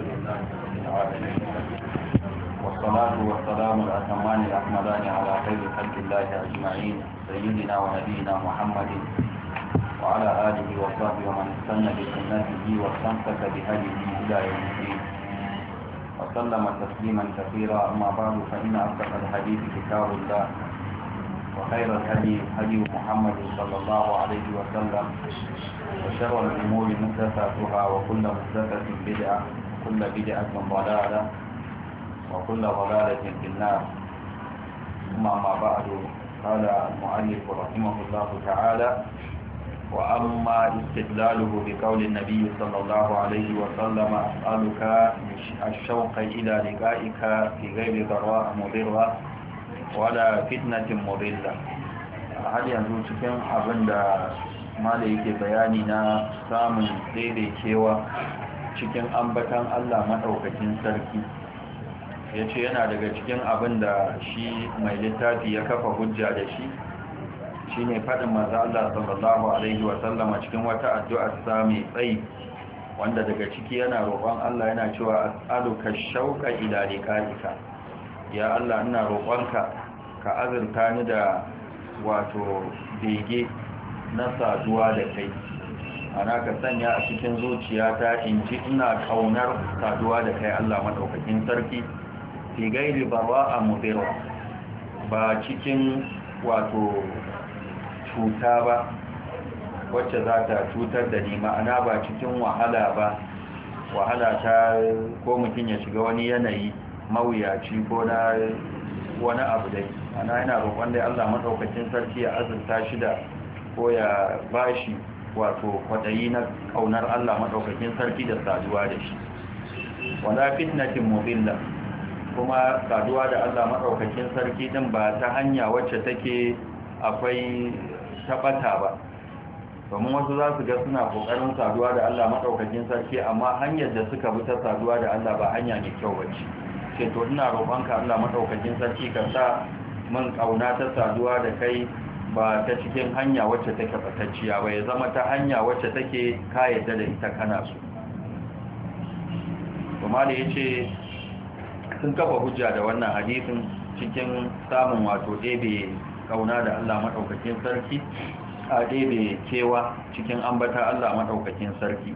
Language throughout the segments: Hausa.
الحمد لله رب العالمين والصلاة والسلام الأتمان الأحمدان على خير خلق الله أجمعين سيدنا ونبينا محمد وعلى آله وصحبه ومن استنى بسنته واستمسك بهديه إلى يوم الدين وسلم تسليما كثيرا أما بعد فإن أصدق الحديث كتاب الله وخير الهدي هدي محمد صلى الله عليه وسلم وشر الأمور محدثاتها وكل محدثة بدعة وكل بدعة ضلالة وكل ضلالة في النار ثم ما بعد قال المؤلف رحمه الله تعالى وأما استدلاله بقول النبي صلى الله عليه وسلم أسألك الشوق إلى لقائك في غير ضراء مضرة ولا فتنة مضلة هل ينزل تكن أبن ما da yake bayani na samun tsere cewa cikin ambatan Allah maɗaukakin sarki ya ce yana daga cikin abin da shi mai littafi ya kafa hujja da shi shi ne faɗin maza Allah sallallahu Alaihi wasallama cikin wata addu'ar sami tsayi wanda daga ciki yana roƙon Allah yana cewa aluka shauƙa idare ƙarika ya Allah ina roƙonka ka azurta ni da wato bege na saduwa da kai ana ka sanya a cikin zuciyata in ji ina kaunar saduwa da kai Allah madaukakin sarki fi gairi a mudira ba cikin wato cuta ba wacce za ta cutar da ni ma'ana ba cikin wahala ba wahala ta ko mutum ya shiga wani yanayi mawuyaci ko na wani abu dai ana yana roƙon dai Allah madaukakin sarki ya azurta shi da ko ya bashi wato kwaɗayi na kaunar Allah maɗaukakin sarki da saduwa da shi wala fitnatin mubilla kuma saduwa da Allah maɗaukakin sarki din ba ta hanya wacce take akwai tabata ba domin wasu za su ga suna ƙoƙarin saduwa da Allah maɗaukakin sarki amma hanyar da suka bi ta saduwa da Allah ba hanya mai kyau ba ce to ina roƙonka Allah maɗaukakin sarki ka sa mun ƙauna ta saduwa da kai ba ta cikin hanya wacce take batacciya ba ya zama ta hanya wacce take kayyada da ita kana su kuma da ya ce sun kafa hujja da wannan hadisin cikin samun wato ɗebe kauna da Allah maɗaukakin sarki a ɗebe kewa cikin ambata Allah maɗaukakin sarki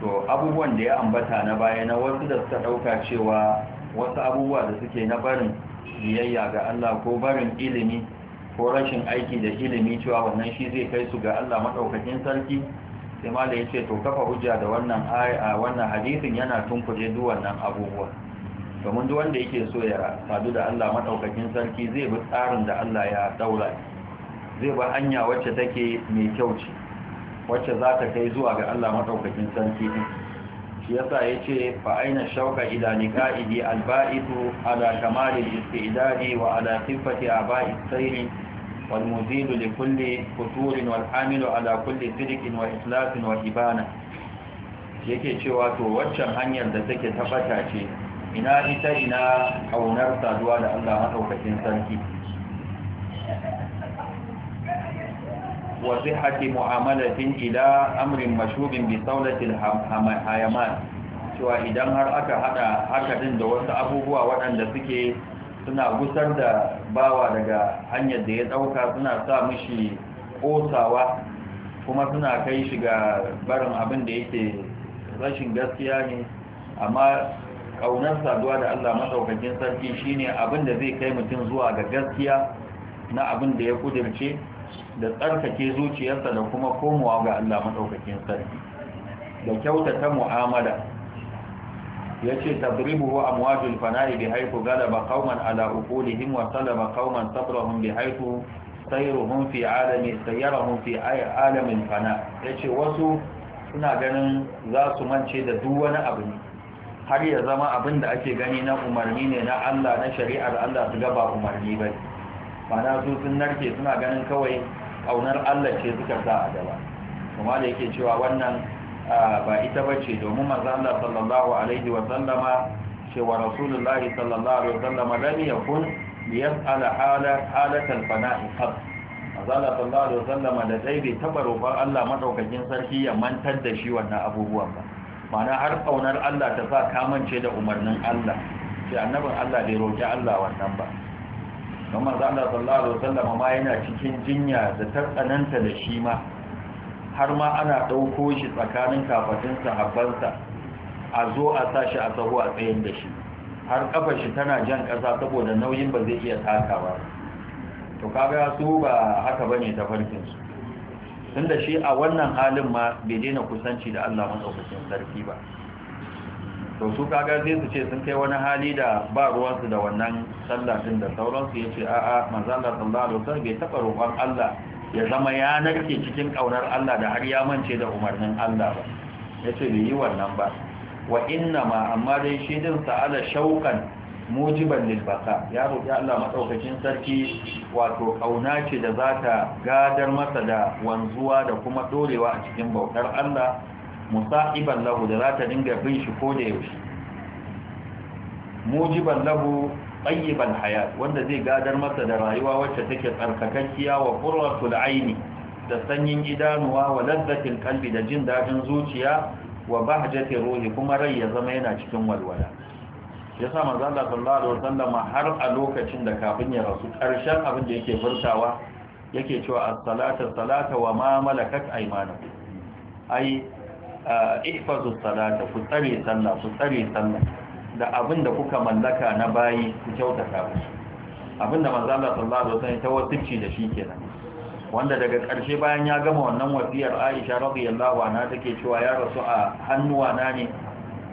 to abubuwan da ya ambata na baya na wasu da suka ɗauka cewa wasu abubuwa da suke na barin biyayya ga Allah ko barin ilimi ko rashin aiki da ilimi cewa wannan shi zai kai su ga Allah madaukakin sarki sai ya ce to kafa hujja da wannan aya wannan hadisin yana tunkuje duk wannan abubuwa domin duk wanda yake so ya sadu da Allah maɗaukakin sarki zai bi tsarin da Allah ya daura zai bi hanya wacce take mai kyau ce wacce za ta kai zuwa ga Allah maɗaukakin sarki shi yasa yace fa aina shauka ila liqa'idi alba'isu ala kamalil istidadi wa ala sifati aba'i sayri wal muzilu li kulli kuturin wal amilu ala kulli sidqin wa islasin wa ibana yake cewa to waccan hanyar da take tabbata ce ina ita ina aunar saduwa da Allah madaukakin sarki وصحة معاملة إلى أمر bi بصولة الحيمان cewa idan har aka hada haka din da wasu abubuwa waɗanda suke suna gusar da bawa daga hanyar da ya ɗauka suna sa mishi ƙosawa kuma suna kai shi ga barin abin da yake rashin gaskiya ne amma ƙaunar saduwa da Allah masaukakin sarki shine abin da zai kai mutum zuwa ga gaskiya na abin da ya kudirce da tsarkake zuciyarsa da kuma komowa ga Allah madaukakin sarki da kyautata mu'amala yace tadribuhu amwajul fana'i bi haythu galaba qauman ala uqulihim wa talaba qauman sabrahum bi haythu sayruhum fi alami sayyarahum fi alamin fana Ya ce, wasu suna ganin za su mance da duk wani abu ne har ya zama abin da ake gani na umarni ne na Allah na shari'ar Allah su gaba umarni bai mana su sun narke suna ganin kawai ƙaunar Allah ce suka sa a gaba kuma da yake cewa wannan ba ita bace domin manzo Allah sallallahu alaihi wa sallama cewa rasulullahi sallallahu alaihi wa sallama lam yakun liyas'ala hala halatal fana'i qad manzo Allah sallallahu alaihi wa sallama da dai bai taba roƙon Allah madaukakin sarki ya mantar da shi wannan abubuwan ba ma'ana har ƙaunar Allah ta sa kamance da umarnin Allah sai annabin Allah bai roƙi Allah wannan ba don manzo Allah sallallahu alaihi wasallam ma yana cikin jinya da tarkananta da shi ma har ma ana ɗauko shi tsakanin kafatin sahabbansa a zo a sa shi a tsaho a tsayin da shi har kafar shi tana jan ƙasa saboda nauyin ba zai iya takawa to kaga su ba haka bane ta farkin su tunda shi a wannan halin ma bai daina kusanci da Allah madaukakin sarki ba to su kaga zai su ce sun kai wani hali da ba ruwansu da wannan sallah din da sauransu ya ce a'a manzo Allah sallallahu alaihi wasallam bai taba roƙon Allah ya zama ya narke cikin ƙaunar Allah da har ya mance da umarnin Allah ba yace bai yi wannan ba wa inna ma amma dai shi din sa'ala shauqan mujiban lil baqa ya roƙi Allah madaukakin sarki wato ƙauna ce da zata gadar masa da wanzuwa da kuma dorewa a cikin bautar Allah musa'iban lahu da za ta dinga bin shi ko da yaushe mujiban lahu tsayiban haya wanda zai gadar masa da rayuwa wacce take tsarkakakkiya wa qurratul aini da sanyin idanuwa wa ladzatil qalbi da jin daɗin zuciya wa bahjati ruhi kuma rai ya zama yana cikin walwala yasa sa Allah sallallahu alaihi har a lokacin da kafin ya rasu ƙarshen abin da yake furtawa yake cewa as-salata salata wa ma malakat ai ihfazu salata ku tsare sallah ku tsare sallah da abinda kuka mallaka na bayi ku kyautata Abinda abin manzo Allah sallallahu alaihi wasallam ta tawassuci da shi kenan wanda daga ƙarshe bayan ya gama wannan wasiyar Aisha radiyallahu anha take cewa ya rasu a hannuwa na ne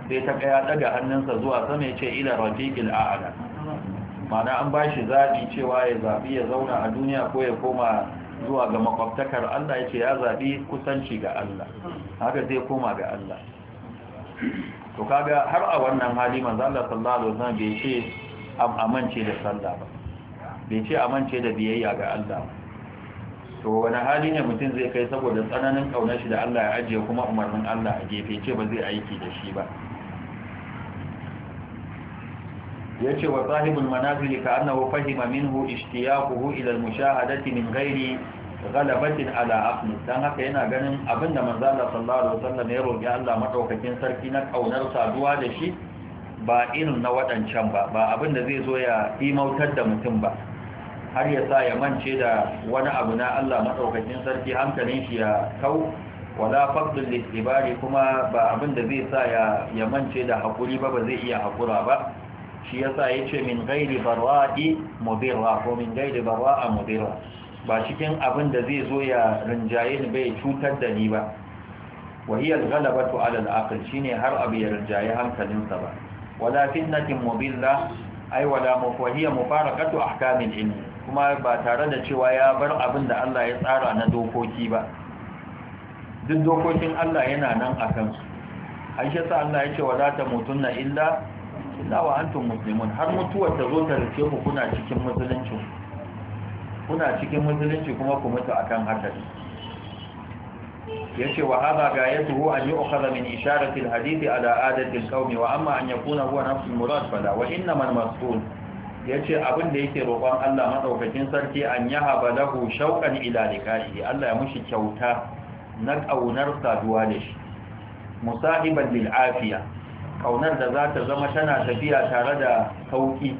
sai ta kaya daga hannunsa zuwa sama yace ila rafiqil a'la Mana an bashi zabi cewa ya zabi ya zauna a duniya ko ya koma zuwa ga makwabtakar Allah ya ce ya zaɓi kusanci ga Allah haka zai koma ga Allah to kaga har a wannan hali manzo Allah sallallahu alaihi wasallam bai ce amince da sallah ba bai ce amince da biyayya ga Allah to wani hali ne mutum zai kai saboda tsananin kaunar shi da Allah ya ajiye kuma umarnin Allah a gefe ce ba zai aiki da shi ba yace wa sahibul manazil ka annahu fahima minhu ishtiyaquhu ila ilal mushahadati min ghairi ghalabatin ala aqli dan haka yana ganin abinda manzo Allah sallallahu alaihi wasallam ya roki Allah madaukakin sarki na kaunar saduwa da shi ba irin na wadancan ba ba abinda zai zo ya imautar da mutum ba har ya sa ya mance da wani abu na Allah madaukakin sarki hankalin shi ya kau wala faqdul litibari kuma ba abinda zai sa ya ya mance da hakuri ba ba zai iya hakura ba shi yasa yace min ghairi barwa'i gairi ko min ghairi barwa'a ba cikin abin da zai zo ya rinjaye ni bai cutar da ni ba wahiyar galabatu alal aql shine har abu ya rinjaye hankalinsa ba wala fitnatin mubilla ai wala mufahiyya mufarakatu ahkamil ilmi kuma ba tare da cewa ya bar abin da Allah ya tsara na dokoki ba duk dokokin Allah yana nan akan su Aisha Allah ya ce wala tamutunna illa illa wa antum muslimun har mutuwar ta zo ta rike ku kuna cikin musulunci kuna cikin musulunci kuma ku mutu akan haka yace wa hadha gayatuhu an yu'khadha min isharati alhadith ala adati alqawmi wa amma an yakuna huwa nafsul murad fala wa innama almas'ul yace abin da yake roƙon Allah madaukakin sarki an yahaba lahu shauqan ila Allah ya mushi kyauta na kaunar saduwa da shi musahiban lil afiya kaunar da za ta zama tana tafiya tare da sauki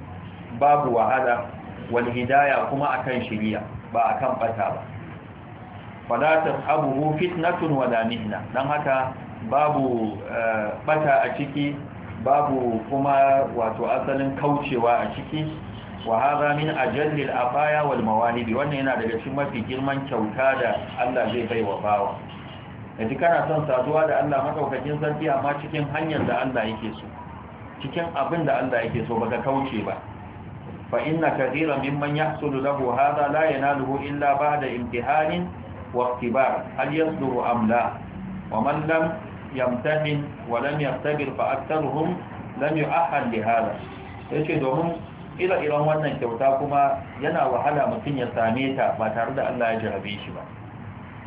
babu wahala walhidaya hidaya kuma akan shiriya ba akan bata ba fala abubu fitnatun wala mihna dan haka babu bata eh, a ciki babu kuma wato asalin kaucewa a ciki wa hadha min ajalli al afaya wal mawalibi wannan yana daga cikin mafi girman kyauta da Allah zai bai wa bawa kaji kana son saduwa da Allah madaukakin sarki amma cikin hanyar da Allah yake so cikin abin da Allah yake so baka kauce ba fa inna kathira mimman sulu lahu hadha la yanaluhu illa ba'da imtihanin wa iktibar hal yasduru am la wa man lam yamtahin wa lam yaqtabir fa aktharuhum lam yu'ahhal li hadha yace domin ila iran wannan kyauta kuma yana wahala mutum ya same ta ba tare da Allah ya jarabe shi ba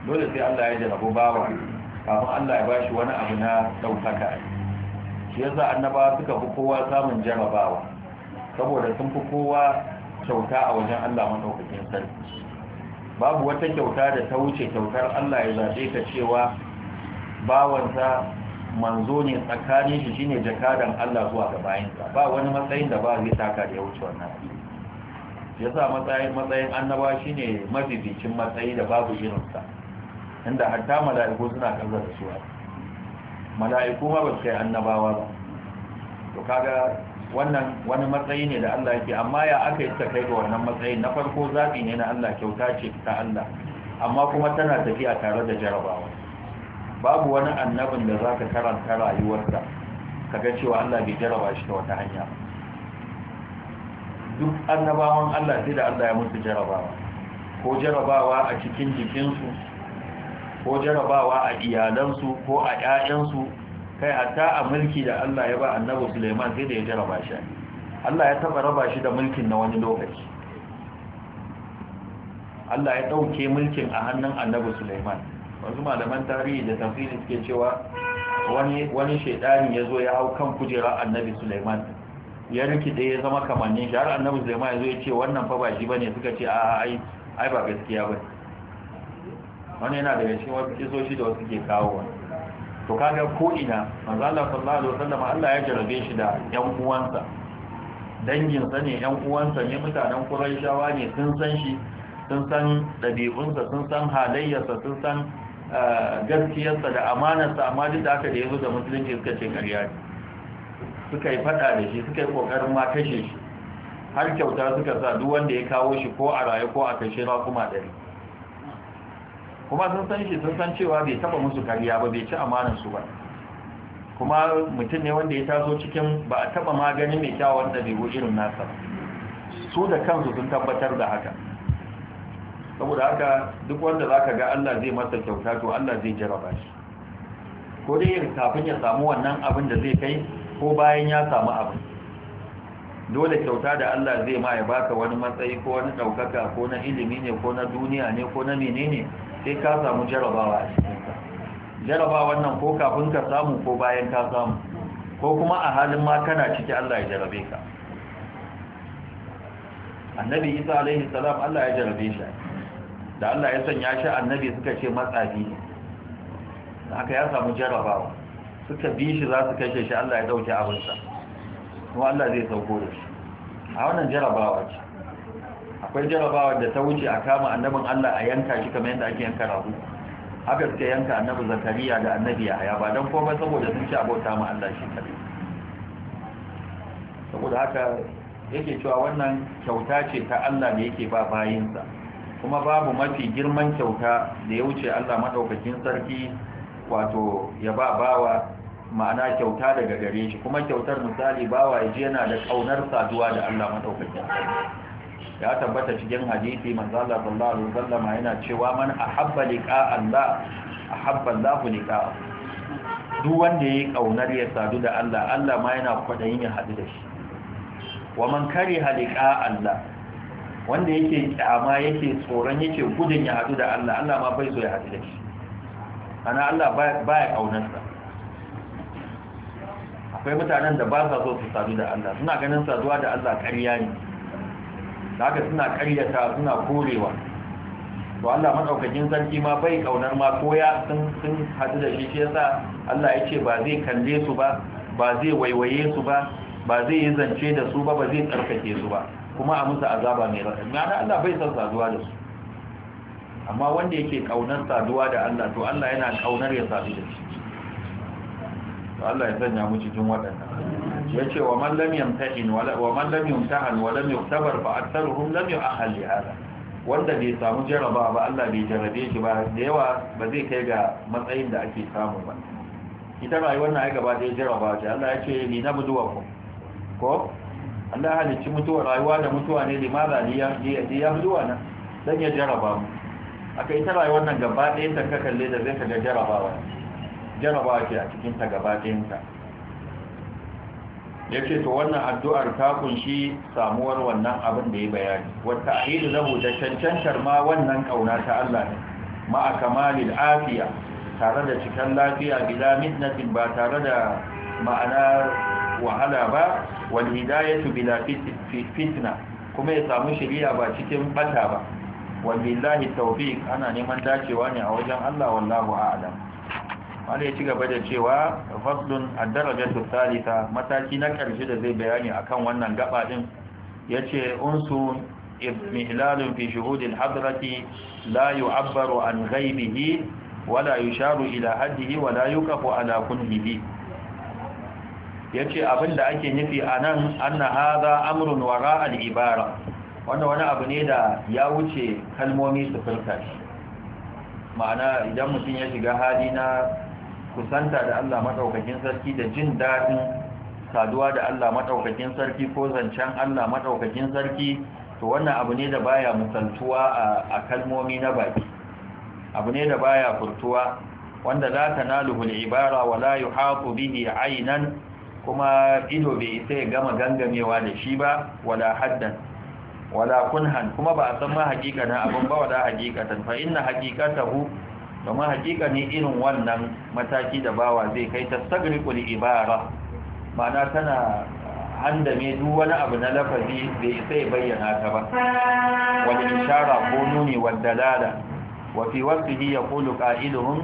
dole sai Allah ya jarabu bawa kafin Allah ya bashi wani abu na ɗaukaka shi yasa annabawa suka fi kowa samun jarabawa saboda sun fi kowa kyauta a wajen Allah madaukakin sarki babu wata kyauta da ta wuce kyautar Allah ya zaɓe ka cewa bawansa manzo ne tsakanin shi shine jakadan Allah zuwa ga bayinsa ba wani matsayin da ba zai taka da ya wuce wannan yasa matsayin matsayin annaba shine mafificin matsayi da babu irinsa inda hatta mala'iku suna kallon da suwa mala'iku ma ba su kai annabawa ba to kaga wannan wani matsayi ne da Allah yake amma ya aka yi ta kai ga wannan matsayi na farko zaɓi ne na Allah kyauta ce ta Allah amma kuma tana tafiya tare da jarabawa babu wani annabin da zaka karanta rayuwarsa kaga cewa Allah bai jaraba shi ta wata hanya duk annabawan Allah sai da Allah ya musu jarabawa ko jarabawa a cikin jikinsu ko jarabawa a iyalansu ko a ƴaƴansu kai hatta a mulki da Allah ya ba annabi Sulaiman sai da ya jaraba shi Allah ya taba raba shi da mulkin na wani lokaci Allah ya dauke mulkin a hannun annabi Sulaiman wasu malaman tarihi da tafsiri suke cewa wani wani shedani yazo ya hau kan kujera annabi Sulaiman ya rikide ya zama kamannin shi har annabi Sulaiman yazo ya ce wannan fa ba shi bane suka ce a ai ai ba gaskiya bane wani yana daga cikin wasu kisoshi da wasu ke kawo wani. to kaga ko ina manzo Allah sallallahu alaihi wasallam Allah ya jarabe shi da yan uwansa danginsa ne yan uwansa ne mutanen Qurayshawa ne sun san shi sun san dabi'unsa sun san halayyarsa sun san eh, gaskiyarsa da amanarsa amma duk da haka da yazo da musulunci suka ce ƙarya ne suka yi fada da shi suka yi kokarin ma kashe shi har kyauta suka sa duk wanda ya kawo shi ko a raye ko a kashe ra kuma ɗari kuma sun san shi sun san cewa bai taba musu kariya ba bai ci amanan su ba kuma mutum ne wanda ya taso cikin ba a taba magani mai kyawun ɗabi'u irin nasa su da kansu sun tabbatar da haka saboda haka duk wanda za ka ga Allah zai masa kyauta to Allah zai jaraba shi ko dai kafin ya samu wannan abin da zai kai ko bayan ya samu abin dole kyauta da Allah zai ma ya baka wani matsayi ko wani ɗaukaka ko na ilimi ne ko na duniya ne ko na menene sai ka samu jarabawa a cikinsa jarabawa wannan ko kafin ka samu ko bayan ka samu ko kuma a halin ma kana ciki Allah ya jarabe ka annabi isa alaihi salam Allah ya jarabe shi da Allah ya sanya shi annabi suka ce matsafi ne haka ya samu jarabawa suka bi shi za su kashe shi Allah ya dauke abinsa kuma Allah zai sauko da shi a wannan jarabawa ce akwai jarabawa da ta wuce a kama annabin Allah a yanka shi kamar yadda ake yanka rahu haka suka yanka annabi zakariya da annabi yahaya ba don komai saboda sun ci abota ma Allah shi kadai saboda haka yake cewa wannan kyauta ce ta Allah da yake ba bayinsa kuma babu mafi girman kyauta da ya wuce Allah madaukakin sarki wato ya ba bawa ma'ana kyauta daga gare shi kuma kyautar misali bawa yaji yana da kaunar saduwa da Allah madaukakin ya tabbata cikin hadisi manzo Allah sallallahu alaihi wasallam yana cewa man ahabba liqa Allah ahabba Allah liqa duk wanda yayi kaunar ya sadu da Allah Allah ma yana kwadayin ya hadu da shi wa man kariha liqa Allah wanda yake kyama yake tsoron yake gudun ya hadu da Allah Allah ma bai so ya hadu da shi ana Allah baya sa akwai mutanen da ba sa so su sadu da Allah suna ganin saduwa da Allah ƙarya ne da haka suna ƙaryata suna korewa to Allah madaukakin sarki ma bai kaunar ma koya sun sun hadu da shi shi yasa Allah ya ce ba zai kalle su ba ba zai waiwaye su ba ba zai yi zance da su ba ba zai tsarkake su ba kuma a musu azaba mai raɗaɗi ma'ana Allah bai san saduwa da su amma wanda yake kaunar saduwa da Allah to Allah yana kaunar ya sadu da shi Allah ya sanya mu cikin waɗannan ya ce wa man lam yamtahin wa man lam yumtahan wa lam yuktabar fa aktharuhum lam yu'ahhal li hada wanda bai samu jaraba ba Allah bai jarabe shi ba da yawa ba zai kai ga matsayin da ake samu ba ita rayuwar na ai gaba da ya jaraba ce Allah ya ce ni na buduwa ko ko Allah halicci mutuwa rayuwa da mutuwa ne limaza ne ya buduwa na dan ya jaraba mu aka ita rayuwar nan gaba ɗayan ta kalle da zai ka ga jarabawa jarabawa ce a cikinta gaba ya ce to wannan addu'ar ta kunshi samuwar wannan abin da ya bayani wata ahidu zabu da cancantar ma wannan ƙauna ta Allah ne ma'a kamalil afiya tare da cikin lafiya bila mitnatin ba tare da ma'ana wahala ba wal hidayatu bila fitna kuma ya samu shiriya ba cikin bata ba wallahi tawfiq ana neman dacewa ne a wajen Allah wallahu a'lam wanda ya ci gaba da cewa faslun a darajatu thalitha mataki na karshe da zai bayani akan wannan gaba din yace unsu ihlalun fi shuhud al-hadrati la yu'abbaru an ghaibihi wala sharu ila haddihi wala yuqafu ala ya ce abinda ake nufi anan anna haza amrun wara al-ibara wani abu ne da ya wuce kalmomi su firka shi ma'ana idan mutum ya shiga hali na kusanta da Allah madaukakin sarki da jin daɗin saduwa da Allah madaukakin sarki ko zancen Allah madaukakin sarki to wannan abu ne da baya musaltuwa a kalmomi na baki abu ne da baya furtuwa wanda za ta al-ibara wa la yuhatu bihi aynan kuma ido bai isa ya gama gangamewa da shi ba wala haddan wala kunhan kuma ba a san ma hakikanin abin ba wala hakikatan fa inna hu? domin hakika ne irin wannan mataki da bawa zai kai ta sagriqul ibara ma'ana tana handame duk wani abu na lafazi bai isa ya bayyana ta ba wani ishara ko nuni wa dalala wa fi waqtihi yaqulu qa'iluhum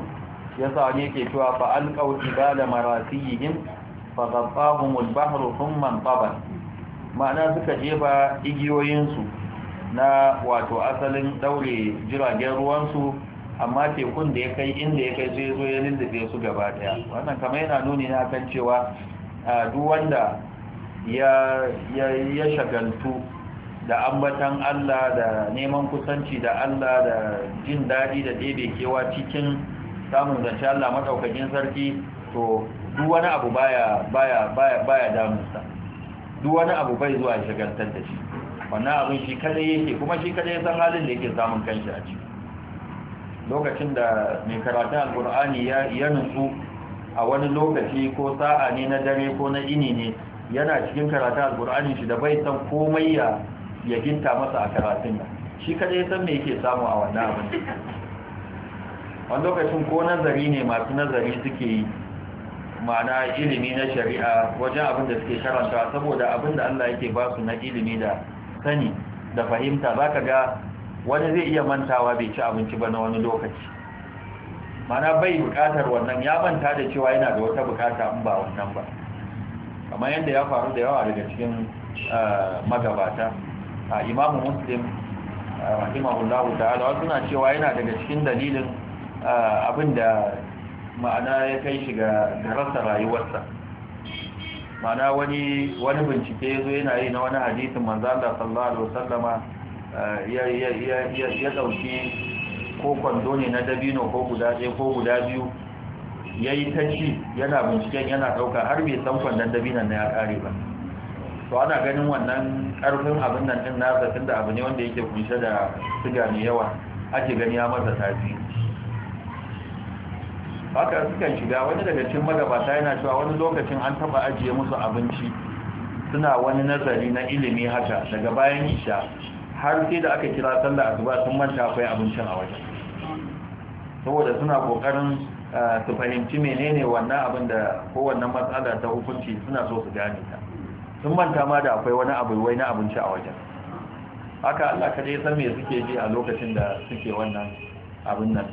yasa ne ke cewa fa alqaw ibada marasihim fa ghaffahum al thumma tabal ma'ana suka jefa igiyoyinsu na wato asalin daure jiragen ruwansu amma tekun da ya kai inda ya kai zai zo ya lullube su gaba daya wannan kamar yana nuni na kan cewa duk wanda ya shagaltu da ambatan Allah da neman kusanci da Allah da jin daɗi da ɗebe kewa cikin samun zance Allah maɗaukakin sarki to duk wani abu baya baya duk wani abu bai zuwa shagaltar da shi wannan abin shi kada yake kuma shi kada ya san halin da yake samun kanshi a ciki lokacin da mai karatun alkur'ani ya nutsu a wani lokaci ko sa'a ne na dare ko na ini ne yana cikin karatun alkur'ani shi da bai san komai ya ya ginta masa a karatun nan shi kadai san me yake samu a wannan abin wani lokacin ko nazari ne masu nazari suke yi ma'ana ilimi na shari'a wajen abin da suke karanta saboda abin da Allah yake ba su na ilimi da sani da fahimta za ka ga wani zai iya mantawa bai ci abinci ba na wani lokaci mana bai bukatar wannan ya manta da cewa yana da wata bukata in ba wannan ba kamar yadda ya faru da yawa daga cikin eh, magabata a imamu muslim eh, rahimahullahu ta'ala wasu na cewa yana daga cikin dalilin eh, abin da ma'ana ya kai shi ga rasa rayuwarsa ma'ana wani bincike ya zo yana yi na wani hadisin manzan da sallallahu alaihi wasallama ya ɗauki ko kwando ne na dabino ko guda ɗaya ko guda biyu ya yi ta yana binciken yana ɗauka har bai san kwandon dabino na ya ƙare ba to ana ganin wannan ƙarfin abin nan ɗin na zafin da abu ne wanda yake kunshe da siga mai yawa ake gani ya masa tafi haka sukan shiga wani daga cikin magabata yana cewa wani lokacin an taɓa ajiye musu abinci suna wani nazari na ilimi haka daga bayan isha har sai da aka kira sallah asuba sun manta akwai abincin a wajen saboda suna kokarin su fahimci menene wannan abin da kowannan matsala ta hukunci suna so su gane ta sun manta ma da akwai wani abu wai na abinci a wajen haka Allah kaje san me suke ji a lokacin da suke wannan abin nan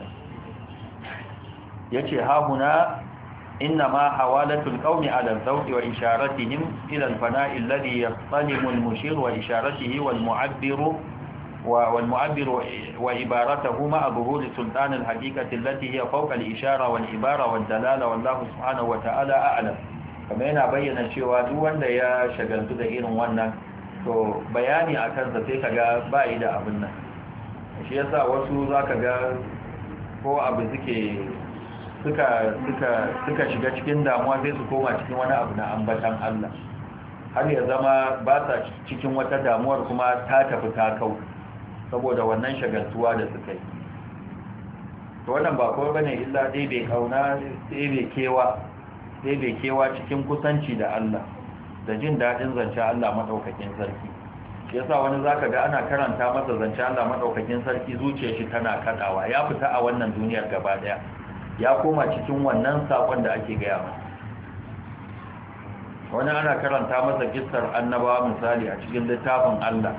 yace ha huna إنما حوالة القوم على الذوق وإشارتهم إلى الفناء الذي يصطنم المشير وإشارته والمعبر والمعبر وعبارته مع ظهور سلطان الحقيقة التي هي فوق الإشارة والعبارة والدلالة والله سبحانه وتعالى أعلم كما هنا بينا شيئا دون يا شغلت دائر وانا to bayani a kansa sai ka ga bayi da abin nan shi yasa wasu za ka ga ko abu suke suka suka suka shiga cikin damuwa sai su koma cikin wani abu na ambatan Allah har ya zama ba sa cikin wata damuwar kuma ta tafi ta kau saboda wannan shagaltuwa da suka yi to wannan ba kowa bane illa dai bai kauna dai bai kewa dai bai kewa cikin kusanci da Allah da jin dadin zance Allah madaukakin sarki yasa wani zaka ga ana karanta masa zance Allah madaukakin sarki zuciyar shi tana kadawa ya fita a wannan duniyar gaba daya ya koma cikin wannan sakon da ake gaya wani ana karanta masa gistar annabawa misali a cikin littafin Allah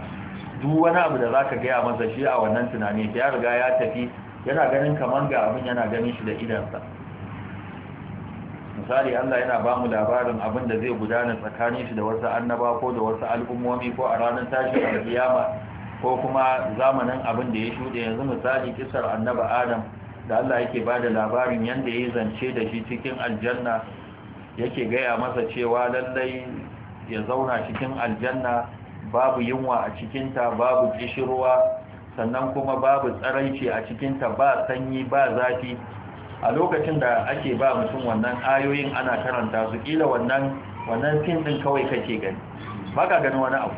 duk wani abu da zaka gaya masa shi a wannan tunani ya riga ya tafi yana ganin kamar ga abin yana ganin shi da idansa misali Allah yana ba mu labarin abin da zai gudana tsakanin shi da wasu annaba ko da wasu al'ummomi ko a ranar tashi a ko kuma zamanin abin da ya shuɗe yanzu misali kisar annaba Adam da Allah yake ba da labarin yadda ya yi zance da shi cikin aljanna yake gaya masa cewa lallai ya zauna cikin aljanna babu yunwa a cikinta babu kishirwa sannan kuma babu tsaraici a cikinta ba sanyi ba zafi a lokacin da ake ba mutum wannan ayoyin ana karanta su kila wannan wannan fim ɗin kawai kake gani Ba ka gani wani abu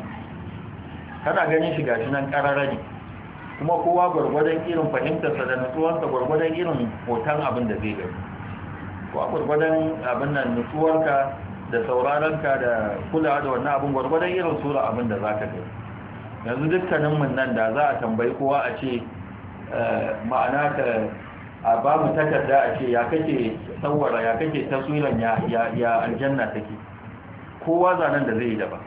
kana ganin shi gashi nan kararari kuma kowa gwargwadon irin fahimtarsa da nutsuwarsa gwargwadon irin hoton abin da zai gani kowa gwargwadon abin nan nutsuwarka da sauraronka da kula da wannan abin gwargwadon irin sura abin da za ka gani yanzu dukkanin mun nan da za a tambayi kowa a ce eh, ma'ana ka a ba mu takarda a ce ya kake tsawara ya kake taswiran ya aljanna take kowa zanen da zai yi daban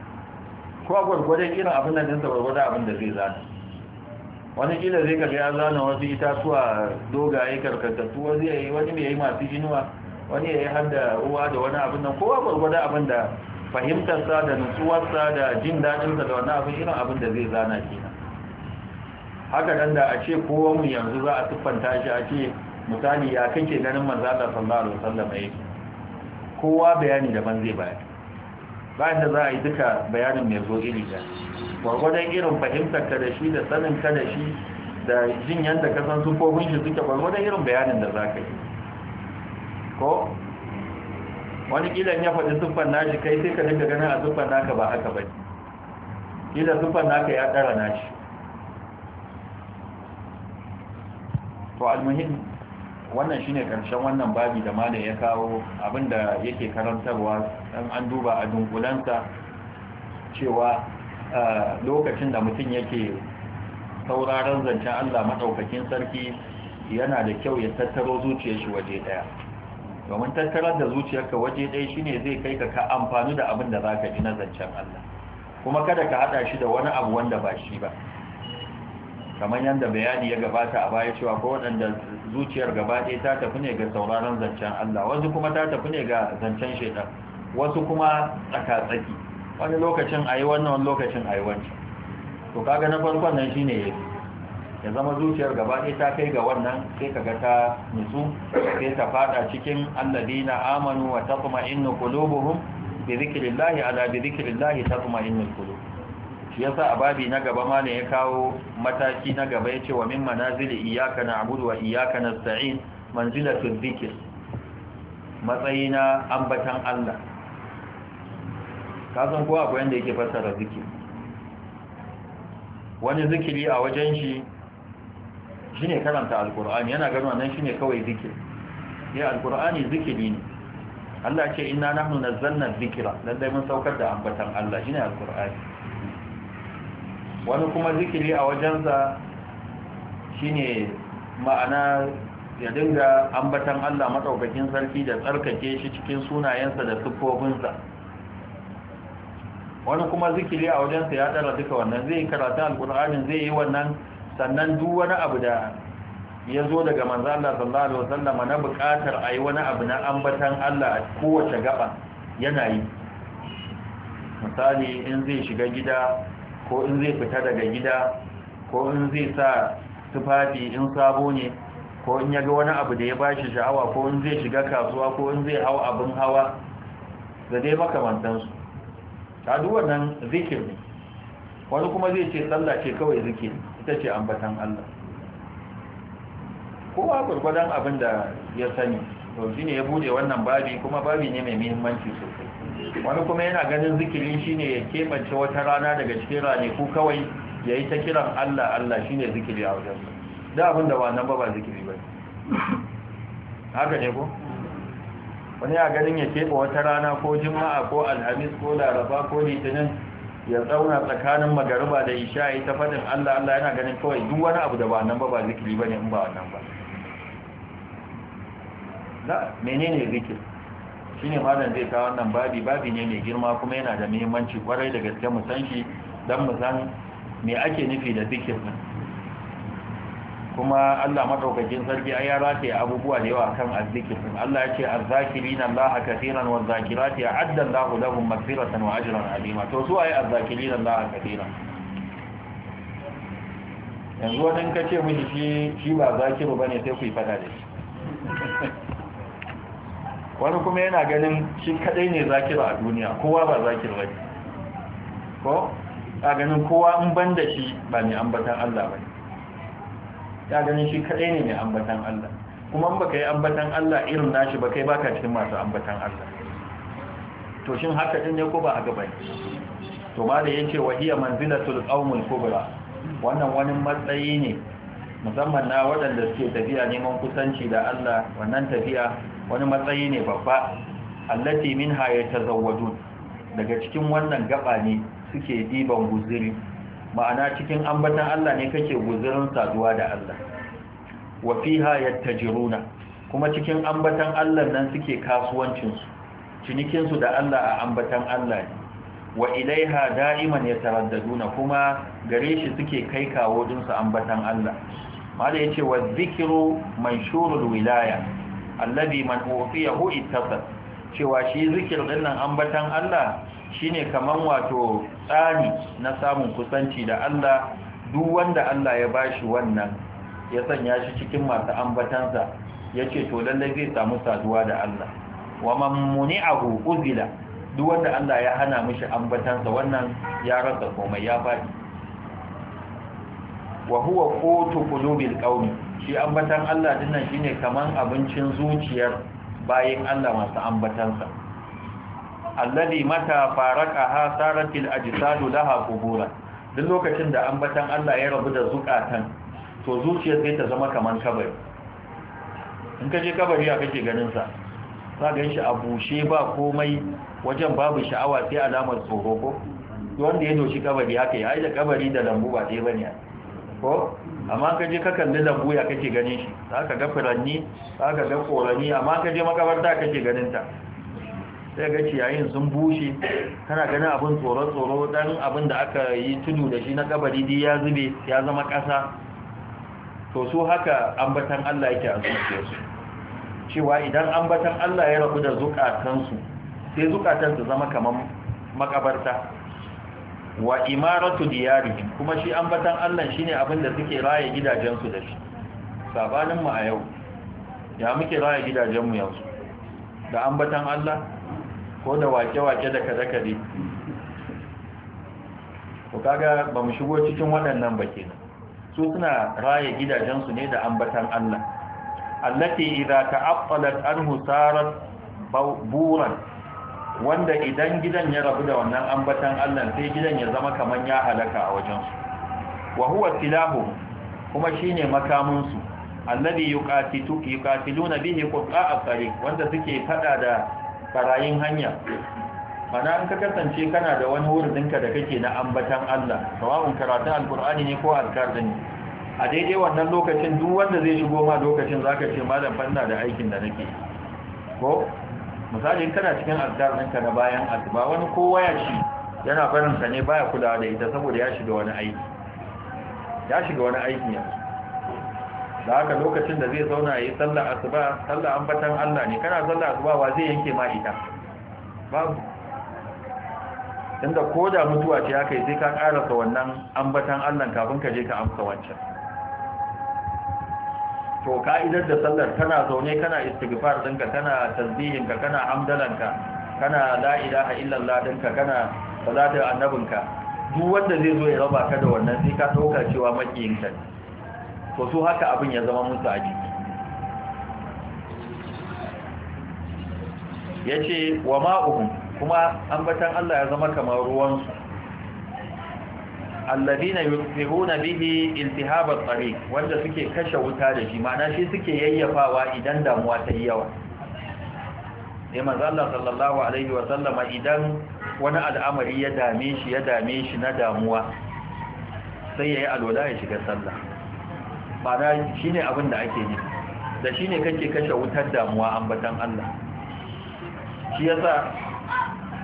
kowa gwargwadon irin abin nan din sa gwargwadon abin da zai zana wani kila zai kaga ya zana wasu itatuwa dogaye karkatattu wani yi wani ne yi masu inuwa wani ya yi hada uwa da wani abin nan kowa gwargwada abin da fahimtarsa da nutsuwarsa da jin daɗinsa da wani abin irin abin da zai zana kenan haka dan da a ce kowa mu yanzu za a siffanta shi a ce misali ya kake ganin manzo Allah sallallahu alaihi wasallam yake kowa bayani daban zai bayani bayan da za a yi duka bayanin mai zo iri da gwargwadon irin fahimtar ka da shi da sanin ka da shi da jin yadda ka san sufofin shi suke gwargwadon irin bayanin da za ka yi ko wani kilan ya faɗi siffar nashi kai sai ka dinga ganin a siffar naka ba haka ba kila siffar naka ya ɗara nashi to almuhim wannan shine karshen wannan babi da malam ya kawo abinda yake karantarwa dan an duba a dunkulansa cewa lokacin da mutum yake sauraron zancen Allah madaukakin sarki yana da kyau ya tattaro zuciyar shi waje daya domin tattarar da zuciyarka waje daya shine zai kai ka ka amfani da abin da zaka ji na zancen Allah kuma kada ka hada shi da wani abu wanda ba shi ba kamar yadda bayani ya gabata a baya cewa ko waɗanda zuciyar gaba ɗaya ta tafi ne ga sauraron zancen Allah wasu kuma ta tafi ne ga zancen shaidar wasu kuma tsaka-tsaki wani lokacin a yi wannan wani lokacin a yi wancan to kaga na farkon nan shine ya ya zama zuciyar gaba ɗaya ta kai ga wannan sai kaga ta nutsu sai ta fada cikin alladina amanu wa tatma'innu qulubuhum bi dhikrillah ala bi dhikrillah tatma'innul qulub yasa a babi na gaba malam ya kawo mataki na gaba ya ce wa min manazili na na'budu wa na Sa'in manzilatu zikir matsayi na ambatan Allah kasan kuwa akwai yadda yake fassara zikir wani zikiri a wajen shi shine karanta alkur'ani yana gano nan shi ne kawai zikir ya alkur'ani zikiri ne Allah ce inna nahnu nazzalna zikira, lallai mun saukar da ambatan Allah shine alkur'ani wani kuma zikiri a wajensa shine ma'ana ya dinga ambatan Allah maɗaukakin sarki da tsarkake shi cikin sunayensa da siffofinsa wani kuma zikiri a wajensa ya ɗara duka wannan zai karatun alkur'anin zai yi wannan sannan duk wani abu da ya zo daga manzan Allah sallallahu alaihi na buƙatar a yi wani abu na ambatan Allah kowace gaba yana yi misali in zai shiga gida ko in zai fita daga gida ko in zai sa tufafi in sabo ne ko in yaga wani abu da ya bashi sha'awa ko in zai shiga kasuwa ko in zai hau abin hawa da dai makamantansu ta duk wannan zikir ne wani kuma zai ce sallah ce kawai zikir ita ce ambatan Allah kowa gurgudan abin da ya sani to shine ya bude wannan babi kuma babi ne mai muhimmanci sosai wani kuma yana ganin zikiri ne ya kemance wata rana daga cikin rane ku kawai ya yi ta kiran Allah Allah shi ne zikiri a wajen da abin da ba nan ba ba zikiri ba haka ne ko wani ya ganin ya keɓe wata rana ko jima'a ko alhamis ko laraba ko litinin ya tsauna tsakanin magariba da isha ya yi ta faɗin Allah Allah yana ganin kawai duk wani abu da ba nan ba ba zikiri ba ne in ba wannan ba menene zikiri ne malam zai kawo wannan babi babi ne mai girma kuma yana da muhimmanci kwarai da gaske mu san shi dan mu san me ake nufi da zikir din kuma Allah madaukakin sarki ai ya yi abubuwa da yawa kan azzikir din Allah ya ce azzakirina Allah kathiran wa zakirati adda Allah lahum maghfiratan wa ajran alima to su ai azzakirina Allah kathiran yanzu wani ka ce mishi shi ba zakiru bane sai ku yi fada da shi wani kuma yana ganin shi kadai ne zakira a duniya kowa ba zakir bane ko ya ganin kowa in ban da shi ba mai ambatan Allah ba ya ganin shi kadai ne mai ambatan Allah kuma in baka yi ambatan Allah irin nashi ba kai baka cikin masu ambatan Allah to shin haka din ne ko ba haka gaba to ba da yake wahiya manzilatul qaumul kubra wannan wani matsayi ne musamman na waɗanda suke tafiya neman kusanci da Allah wannan tafiya wani matsayi ne babba allati minha yatazawwadun daga cikin wannan gaba ne suke diban guziri ma'ana cikin ambatan Allah ne kake guzurin saduwa da Allah wa fiha yattajiruna kuma cikin ambatan Allah nan suke kasuwancin su cinikin su da Allah a ambatan Allah ne wa ilaiha da'iman yataraddaduna kuma gare shi suke kai kawo dinsu ambatan Allah ya ce wa mai manshurul wilaya alladhi man ufiyahu ittasal cewa shi zikir din nan ambatan Allah shine kaman wato tsani na samun kusanci da Allah duk wanda Allah ya bashi wannan ya sanya shi cikin masu ambatansa yace to lallai zai samu saduwa da Allah wa man muni'ahu uzila duk wanda Allah ya hana mishi ambatansa wannan ya rasa komai ya faɗi wa huwa qutu qulubil qaumi shi ambatan Allah nan shine kaman abincin zuciyar bayin Allah masu ambatansa alladhi mata faraqaha saratil ajsadu laha qubura duk lokacin da ambatan Allah ya rabu da zukatan to zuciyar sai ta zama kaman kabari in ka je kabari a kake ganin sa za ga shi a bushe ba komai wajen babu sha'awa sai alamar tsoro ko wanda ya doshi kabari haka ya da kabari da lambu ba ɗaya bane ko amma ka je ka kalli lambu ya kake ganin shi za ka ga furanni za ka ga korani amma ka je makabarta kake ganin ta sai ga ciyayin sun bushe kana ganin abin tsoro-tsoro dan abin da aka yi tudu da shi na kabari dai ya zube ya zama ƙasa to su haka ambatan Allah yake a su cewa idan ambatan Allah ya rabu da zukatansu sai zukatan su zama kaman makabarta wa imaratu diyari kuma shi ambatan Allah shine abinda suke raye gidajensu da shi sabanin mu a yau ya muke raye gidajenmu yanzu da ambatan Allah ko da wake-wake da kada-kade ko kaga ba mu shigo cikin waɗannan ba kenan su suna raye gidajensu ne da ambatan Allah allati idza ta'attalat anhu sarat buran wanda idan gidan ya rabu da wannan ambatan Allah sai gidan ya zama kaman ya halaka a wajensu wa huwa silahu kuma shine makamin su alladhi yuqatitu yuqatiluna bihi qur'a al-tariq wanda suke fada da barayin hanya Bana an ka kasance kana da wani wurinka da kake na ambatan Allah sawa'un karatun qurani ne ko al ne a daidai wannan lokacin duk wanda zai shigo ma lokacin zaka ce malam fanna da aikin da nake ko misali in kana cikin azkar ɗinka na bayan asuba wani kowa ya ci yana barin sa ne baya kulawa da ita saboda ya shiga wani aiki ya shiga wani aiki yanzu da haka lokacin da zai zauna yi sallar asuba sallar ambatan Allah ne kana sallar asuba wa zai yanke ma ita babu inda ko da mutuwa ce aka yi sai ka karasa wannan ambatan Allah kafin ka je ka amsa wancan to ka'idar da sallar kana zaune kana istighfar dinka kana tasbihin ka kana ka kana la ilaha illallah dinka kana salatin annabinka duk wanda zai zo ya raba ka da wannan sai ka dauka cewa makiyin ka to su haka abin ya zama musu aji yace wa ma'uhum kuma ambatan Allah ya zama kamar ruwansu allazina yusbihuna bihi iltihab at-tariq wanda suke kashe wuta da shi ma'ana shi suke yayyafawa idan damuwa ta yi yawa sai manzo Allah sallallahu alaihi wa sallama idan wani al'amari ya dame shi ya dame shi na damuwa sai yayi alwala ya shiga sallah ma'ana shine abin da ake yi da shine kake kashe wutar damuwa ambatan Allah shi yasa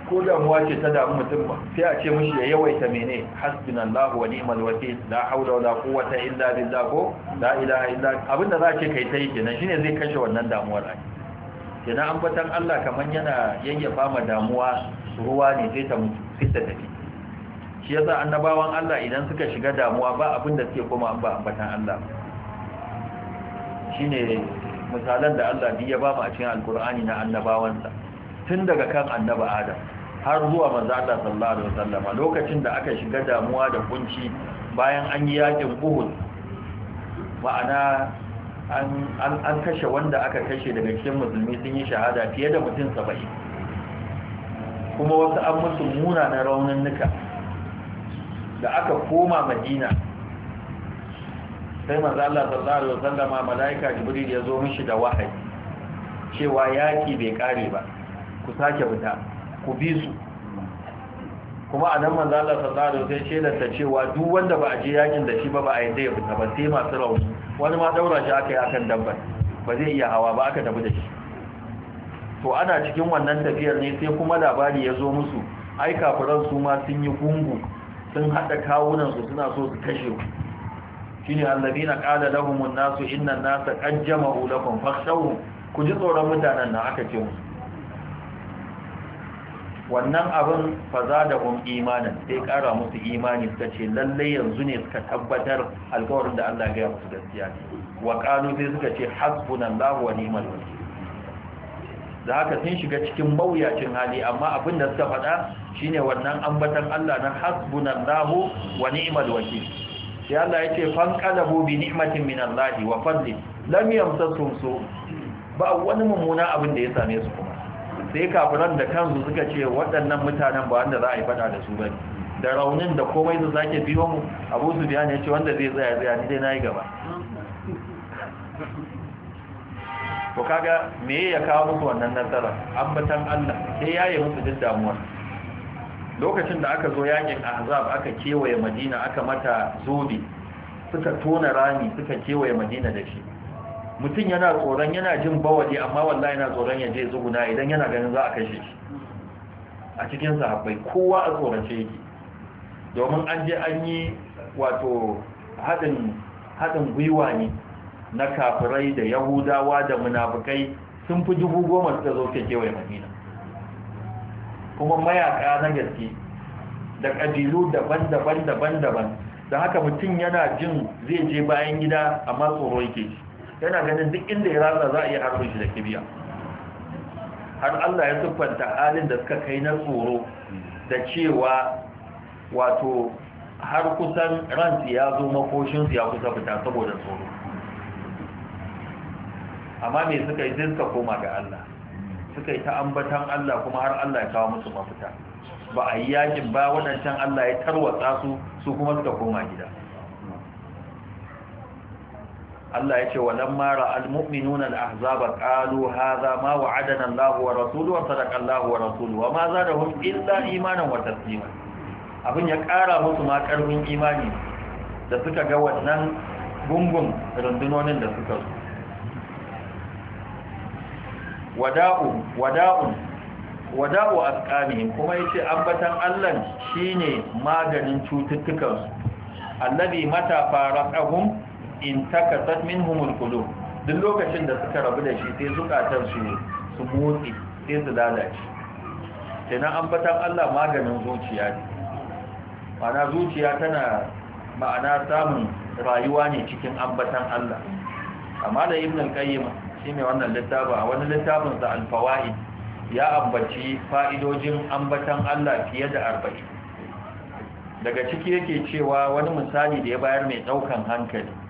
ko damuwa ce ta damu mutum ba sai a ce mishi ya yawaita mene hasbunallahu wa ni'mal wakeel la hawla wala quwwata illa billah ko la ilaha illa abinda za ce kai tai kenan shine zai kashe wannan damuwar ai kenan ambatan Allah kaman yana yayyafa ma damuwa ruwa ne sai ta mutu sai ta tafi shi yasa annabawan Allah idan suka shiga damuwa ba abinda suke koma ba ambatan Allah shine misalan da Allah biya ba mu a cikin alqur'ani na annabawansa tun daga kan annaba adam har zuwa manzo Allah sallallahu alaihi wasallam lokacin da aka shiga damuwa da kunci bayan an yi yakin Uhud ma'ana an kashe wanda aka kashe daga cikin musulmi sun yi shahada fiye da mutum 70 kuma wasu an musu na raunin nuka da aka koma Madina sai manzo Allah sallallahu alaihi wasallam malaika Jibril ya zo mishi da wahayi cewa yaki bai kare ba ku sake fita ku bi su kuma a nan manzo Allah sai alaihi da ta cewa duk wanda ba a je yakin da shi ba ba a yi zai fita ba sai masu rauni wani ma daura shi aka yi akan dabbar ba zai iya hawa ba aka tafi da shi to ana cikin wannan tafiyar ne sai kuma labari ya zo musu ai kafiran su ma sun yi gungu sun hada kawunan su suna so su kashe ku shine na qala lahumun nasu innan nasa kajjama, jama'u lakum ku ji tsoron mutanen nan aka ce musu wannan abin faza da hun imanin sai kara musu imani suka ce lallai yanzu ne suka tabbatar alkawarin da Allah ya musu gaskiya ne wa kanu sai suka ce hasbunallahu wa ni'mal wakil da haka sun shiga cikin mawuyacin hali amma abin da suka faɗa shine wannan ambatan Allah na hasbunallahu wa ni'mal wakil sai Allah ya ce fan qalabu bi ni'matin min Allah wa fadli lam yamsasuhum su ba wani mummuna abin da ya same su kuma sai kafiran da kansu suka ce waɗannan mutanen ba wanda za a yi fada da su ba da raunin da komai su zake biyo mu abu su biya ne ce wanda zai tsaya zai ni dai na yi gaba ko kaga me ya kawo musu wannan nasara ambatan Allah sai ya yi musu duk damuwa lokacin da aka zo yakin ahzab aka kewaye madina aka mata zobe suka tona rami suka kewaye madina da shi mutum yana tsoron yana jin bawali amma wallahi yana tsoron ya je zuguna idan yana ganin za a kashe shi a cikin sahabbai kowa a tsorace yake domin an je an yi wato haɗin gwiwa ne na kafirai da yahudawa da munafukai sun fi dubu goma suka zo ke kewaye madina kuma mayaka na gaske da ƙabilu daban-daban daban-daban da haka mutum yana jin zai je bayan gida amma tsoro yake shi yana ganin duk inda ya ratsa za a iya harbe shi da kibiya har Allah ya siffanta halin da suka kai na tsoro da cewa wato har kusan ransu ya zo makoshinsu ya kusa fita saboda tsoro amma me suka yi sai suka koma ga Allah suka yi ta ambatan Allah kuma har Allah ya kawo musu mafita ba a yi yakin ba waɗancan Allah ya tarwatsa su su kuma suka koma gida Allah ya ce wa lamma ra'al mu'minuna al-ahzaba qalu hadha ma wa'adana Allahu wa rasuluhu wa sadaqa Allahu wa rasuluhu wa ma zadahum illa imanan wa taslima abin ya ƙara musu ma ƙarfin imani da suka ga wannan gungun rundunonin da suka zo wada'u wada'un wada'u asqanihim kuma yace ambatan Allah shine maganin cututtukan allazi mata faraqahum in takasat humul kudu, duk lokacin da suka rabu da shi sai zukatar su ne su motsi sai su lalace kenan ambatan Allah maganin zuciya ne ma'ana zuciya tana ma'ana samun rayuwa ne cikin ambatan Allah amma da ibn al-qayyim shi ne wannan littafin a wani littafin sa al-fawaid ya ambaci fa'idojin ambatan Allah fiye da 40 daga ciki yake cewa wani misali da ya bayar mai daukan hankali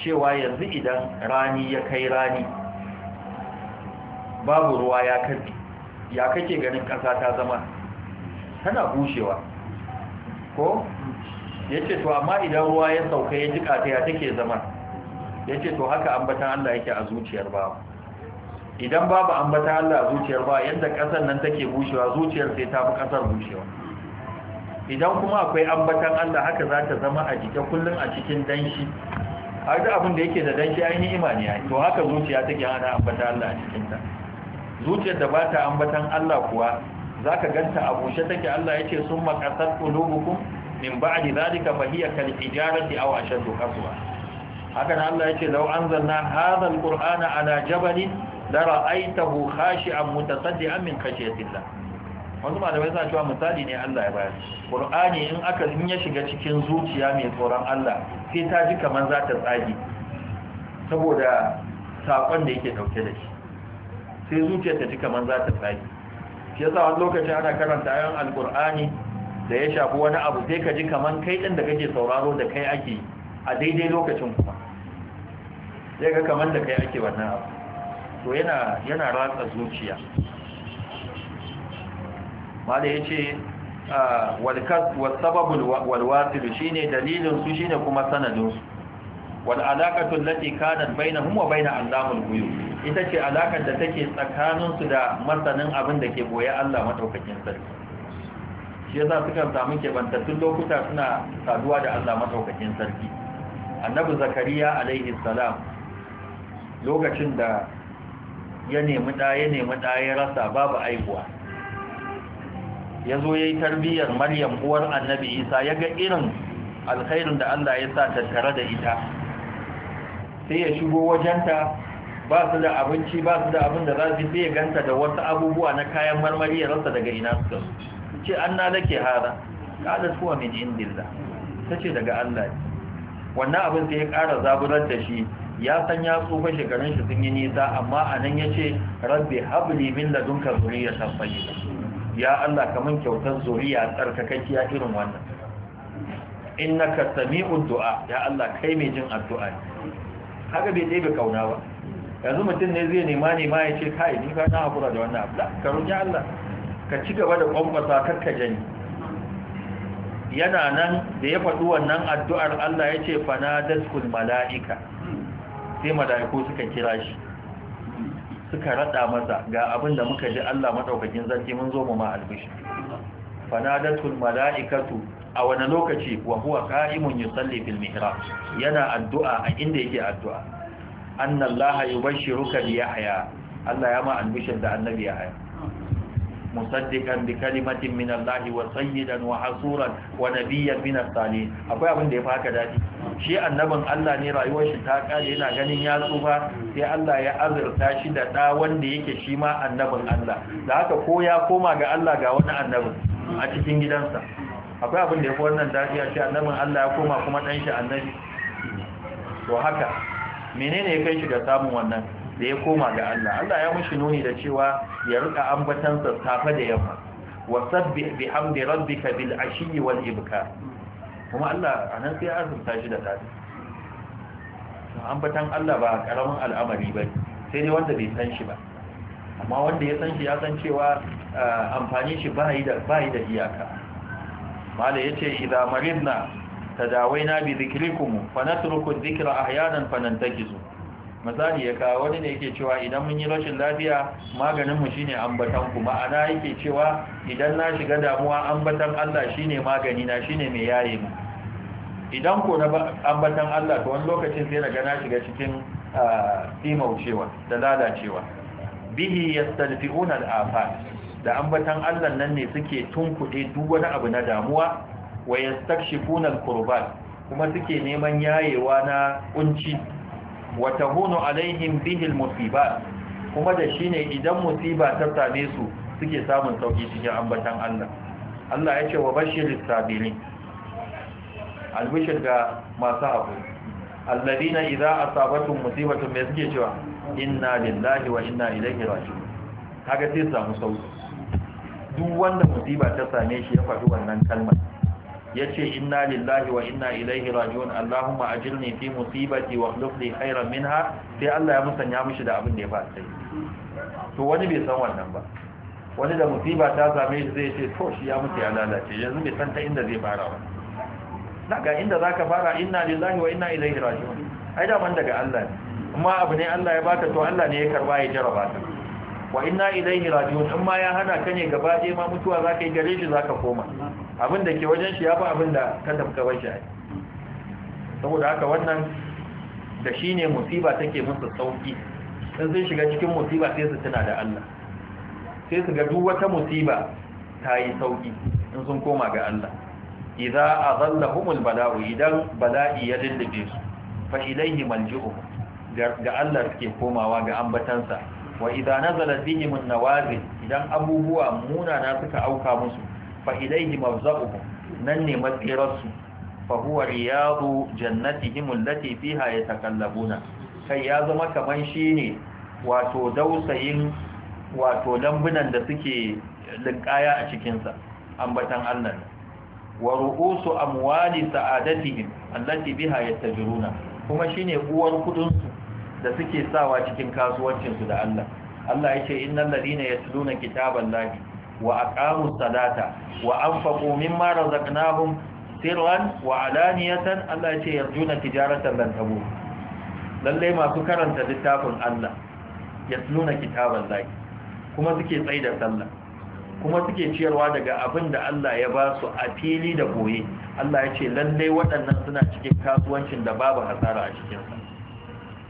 cewa yanzu idan rani ya kai rani babu ruwa ya kai ya kake ganin ƙasa ta zama tana bushewa ko ya ce to amma idan ruwa ya sauka ya jika ta ya take zama ya ce to haka ambatan Allah yake a zuciyar ba idan babu ambatan Allah a zuciyar ba, yadda ƙasar nan take bushewa zuciyar sai ta fi ƙasar bushewa idan kuma akwai ambatan Allah haka za ta zama a jike kullum a cikin danshi har da abin da yake da danshi ainihin imani ya to haka zuciya take hana ambata Allah a cikinta zuciyar da ba ta ambatan Allah kuwa za ka ganta a bushe take Allah yace sun sun makasar ƙulubukun min ba a ji zalika fahiyar kalhijarati a washen Haka hakan Allah yace ce lau an zanna hazal ƙur'ana ala jabalin da ra'aitahu khashi'an mutasaddi'an min khashiyatillah wasu malamai suna cewa misali ne Allah ya bayar Qur'ani in aka in ya shiga cikin zuciya mai tsoron Allah sai ta ji kamar za ta tsagi saboda sakon da yake dauke da shi sai zuciyar ta ji kamar za ta tsagi shi yasa wani lokacin ana karanta ayoyin alqur'ani da ya shafi wani abu sai ka ji kamar kai din da kake sauraro da kai ake a daidai lokacin kuma sai ga kamar da kai ake wannan abu to yana yana ratsa zuciya mala ya ce ah, wasababul walwasilu shi ne dalilinsu shi ne kuma sanadinsu wal'alakatun lati kanan baina hunwa baina allamun guyu ita ce alakar da take tsakaninsu da masanin abin da ke goya allah maɗaukakin sarki shi yasa suka samu kebantattun lokuta suna saduwa da allah maɗaukakin sarki annabi zakariya alaihi salam lokacin da ya nemi ɗaya nemi ɗaya rasa babu aihuwa ya zo ya yi tarbiyyar maryam uwar annabi isa ya ga irin alkhairin da allah ya sa tattare da ita sai ya shigo wajenta ba su da abinci ba su da abin da za su ya ganta da wasu abubuwa na kayan marmari ya rasa daga ina suka su ce an na lake hada kada suwa min indillah ta ce daga allah wannan abin sai ya kara zaburar da shi ya san ya tsufa shekarun shi sun yi nisa amma a nan ya ce rabbi habli min ladunka Zuriya, tabbayi ya Allah kaman kyautar zuriya tsarkakakkiya irin wannan innaka sami'ud du'a ya Allah kai mai jin addu'a ne haka bai dai kauna ba yanzu mutum ne zai nema ma ya ce kai ni ka na hakura da wannan abu ka roki Allah ka ci gaba da kwamfasa karka jani yana nan da ya faɗi wannan addu'ar Allah ya ce fana mala'ika sai mala'iku suka kira shi suka rada masa ga abin da muka ji Allah madaukakin sarki mun zo mu ma albishi fanadatul malaikatu a wani lokaci wa huwa qa'imun yusalli fil mihrab yana addu'a a inda yake addu'a annallaha yubashshiruka bi yahya Allah ya ma albishin da annabi yahya مصدقا بكلمة من الله وسيدا وحصورا ونبيا من الصالحين akwai abin da ya faka dadi shi annabin Allah ne rayuwar shi ta kare yana ganin ya tsufa sai Allah ya azurta shi da da wanda yake shi ma annabin Allah da haka ko ya koma ga Allah ga wani annabin a cikin gidansa akwai abin da ya fi wannan dadi a shi annabin Allah ya koma kuma dan shi annabi to haka menene ya kai shi ga samun wannan da ya koma ga Allah Allah ya mushi nuni da cewa ya rika ambatansa safa da yamma wa sabbih bihamdi rabbika bil ashiyi wal ibka kuma Allah anan sai azurta shi da dadi ambatan Allah ba karamin al'amari ba sai dai wanda bai san shi ba amma wanda ya san shi ya san cewa eh, amfani shi ba yi da ba yi da iyaka mala yace idza maridna tadawaina bi dhikrikum fa natruku dhikra ahyanan fa nantajizu misali ya kawo wani ne yake cewa idan mun yi rashin lafiya maganinmu shi ne ambatan ku ma'ana yake cewa idan na shiga damuwa ambatan Allah shi ne maganina shi mai yaye mu idan ko na ambatan Allah to wani lokacin sai daga na shiga cikin ah, timaucewa da lalacewa bihi yastalfi'una al-afat da ambatan Allah nan ne suke tunkuɗe duk wani abu na damuwa wa yastakshifuna al-qurbat kuma suke neman yayewa na kunci wata hunu alaihim bihil musiba kuma da shi ne idan musiba ta same su suke samun sauki cikin ambatan Allah Allah ya ce wa bashirin sabirin. albishir ga masu abu. alladina idan asabatun musibatu mai suke cewa inna lillahi wa inna ilaihi raji'un kaga sai samu sauki duk wanda musiba ta same shi ya faɗi wannan kalmar Ya ce, inna lillahi wa inna ilaihi raji'un allahumma ajirni fi musibati wa akhlif li khairan minha sai Allah ya musanya mishi da abin da ya ba sai to wani bai san wannan ba wani da musiba ta same shi zai ce to shi ya mutu ya lalace yanzu bai san ta inda zai fara ba na ga inda zaka fara inna lillahi wa inna ilaihi raji'un ai da man daga Allah ne amma abu ne Allah ya baka to Allah ne ya karba ya jaraba ta wa inna ilaihi raji'un amma ya hana ka ne gaba ɗaya ma mutuwa zaka yi gare shi zaka koma Abinda ke wajen shi ya fi abin da ka tafka shi saboda haka wannan da shi ne musiba take musu sauki in sun shiga cikin musiba sai su tuna da Allah sai su ga duk wata musiba ta yi sauki in sun koma ga Allah idza humul bala'u idan bala'i ya lullufe su fa ilayhi malji'u ga Allah suke komawa ga ambatansa wa idza nazala bihim an-nawazil idan abubuwa munana suka auka musu fa ilaihi mafza'uhum nan ne matsirarsu fa huwa riyadu jannatihim allati fiha kai ya zama kaman shine wato dausayin wato lambunan da suke linkaya a cikin sa ambatan Allah wa ru'usu amwali sa'adatihim allati biha yattajiruna kuma shine uwar kuɗinsu da suke sawa cikin kasuwancinsu da Allah Allah yace innal ladina yatluna kitaballahi wa aqamu salata wa anfaqu mimma razaqnahum sirran wa alaniyatan Allah ya ce yarjuna tijaratan lan tabu lalle masu karanta littafin Allah Ya yatluna kitaban zaki kuma suke tsaida sallah kuma suke ciyarwa daga abin da Allah ya ba su a fili da boye Allah yace ce lalle waɗannan suna cikin kasuwancin da babu hasara a cikin sa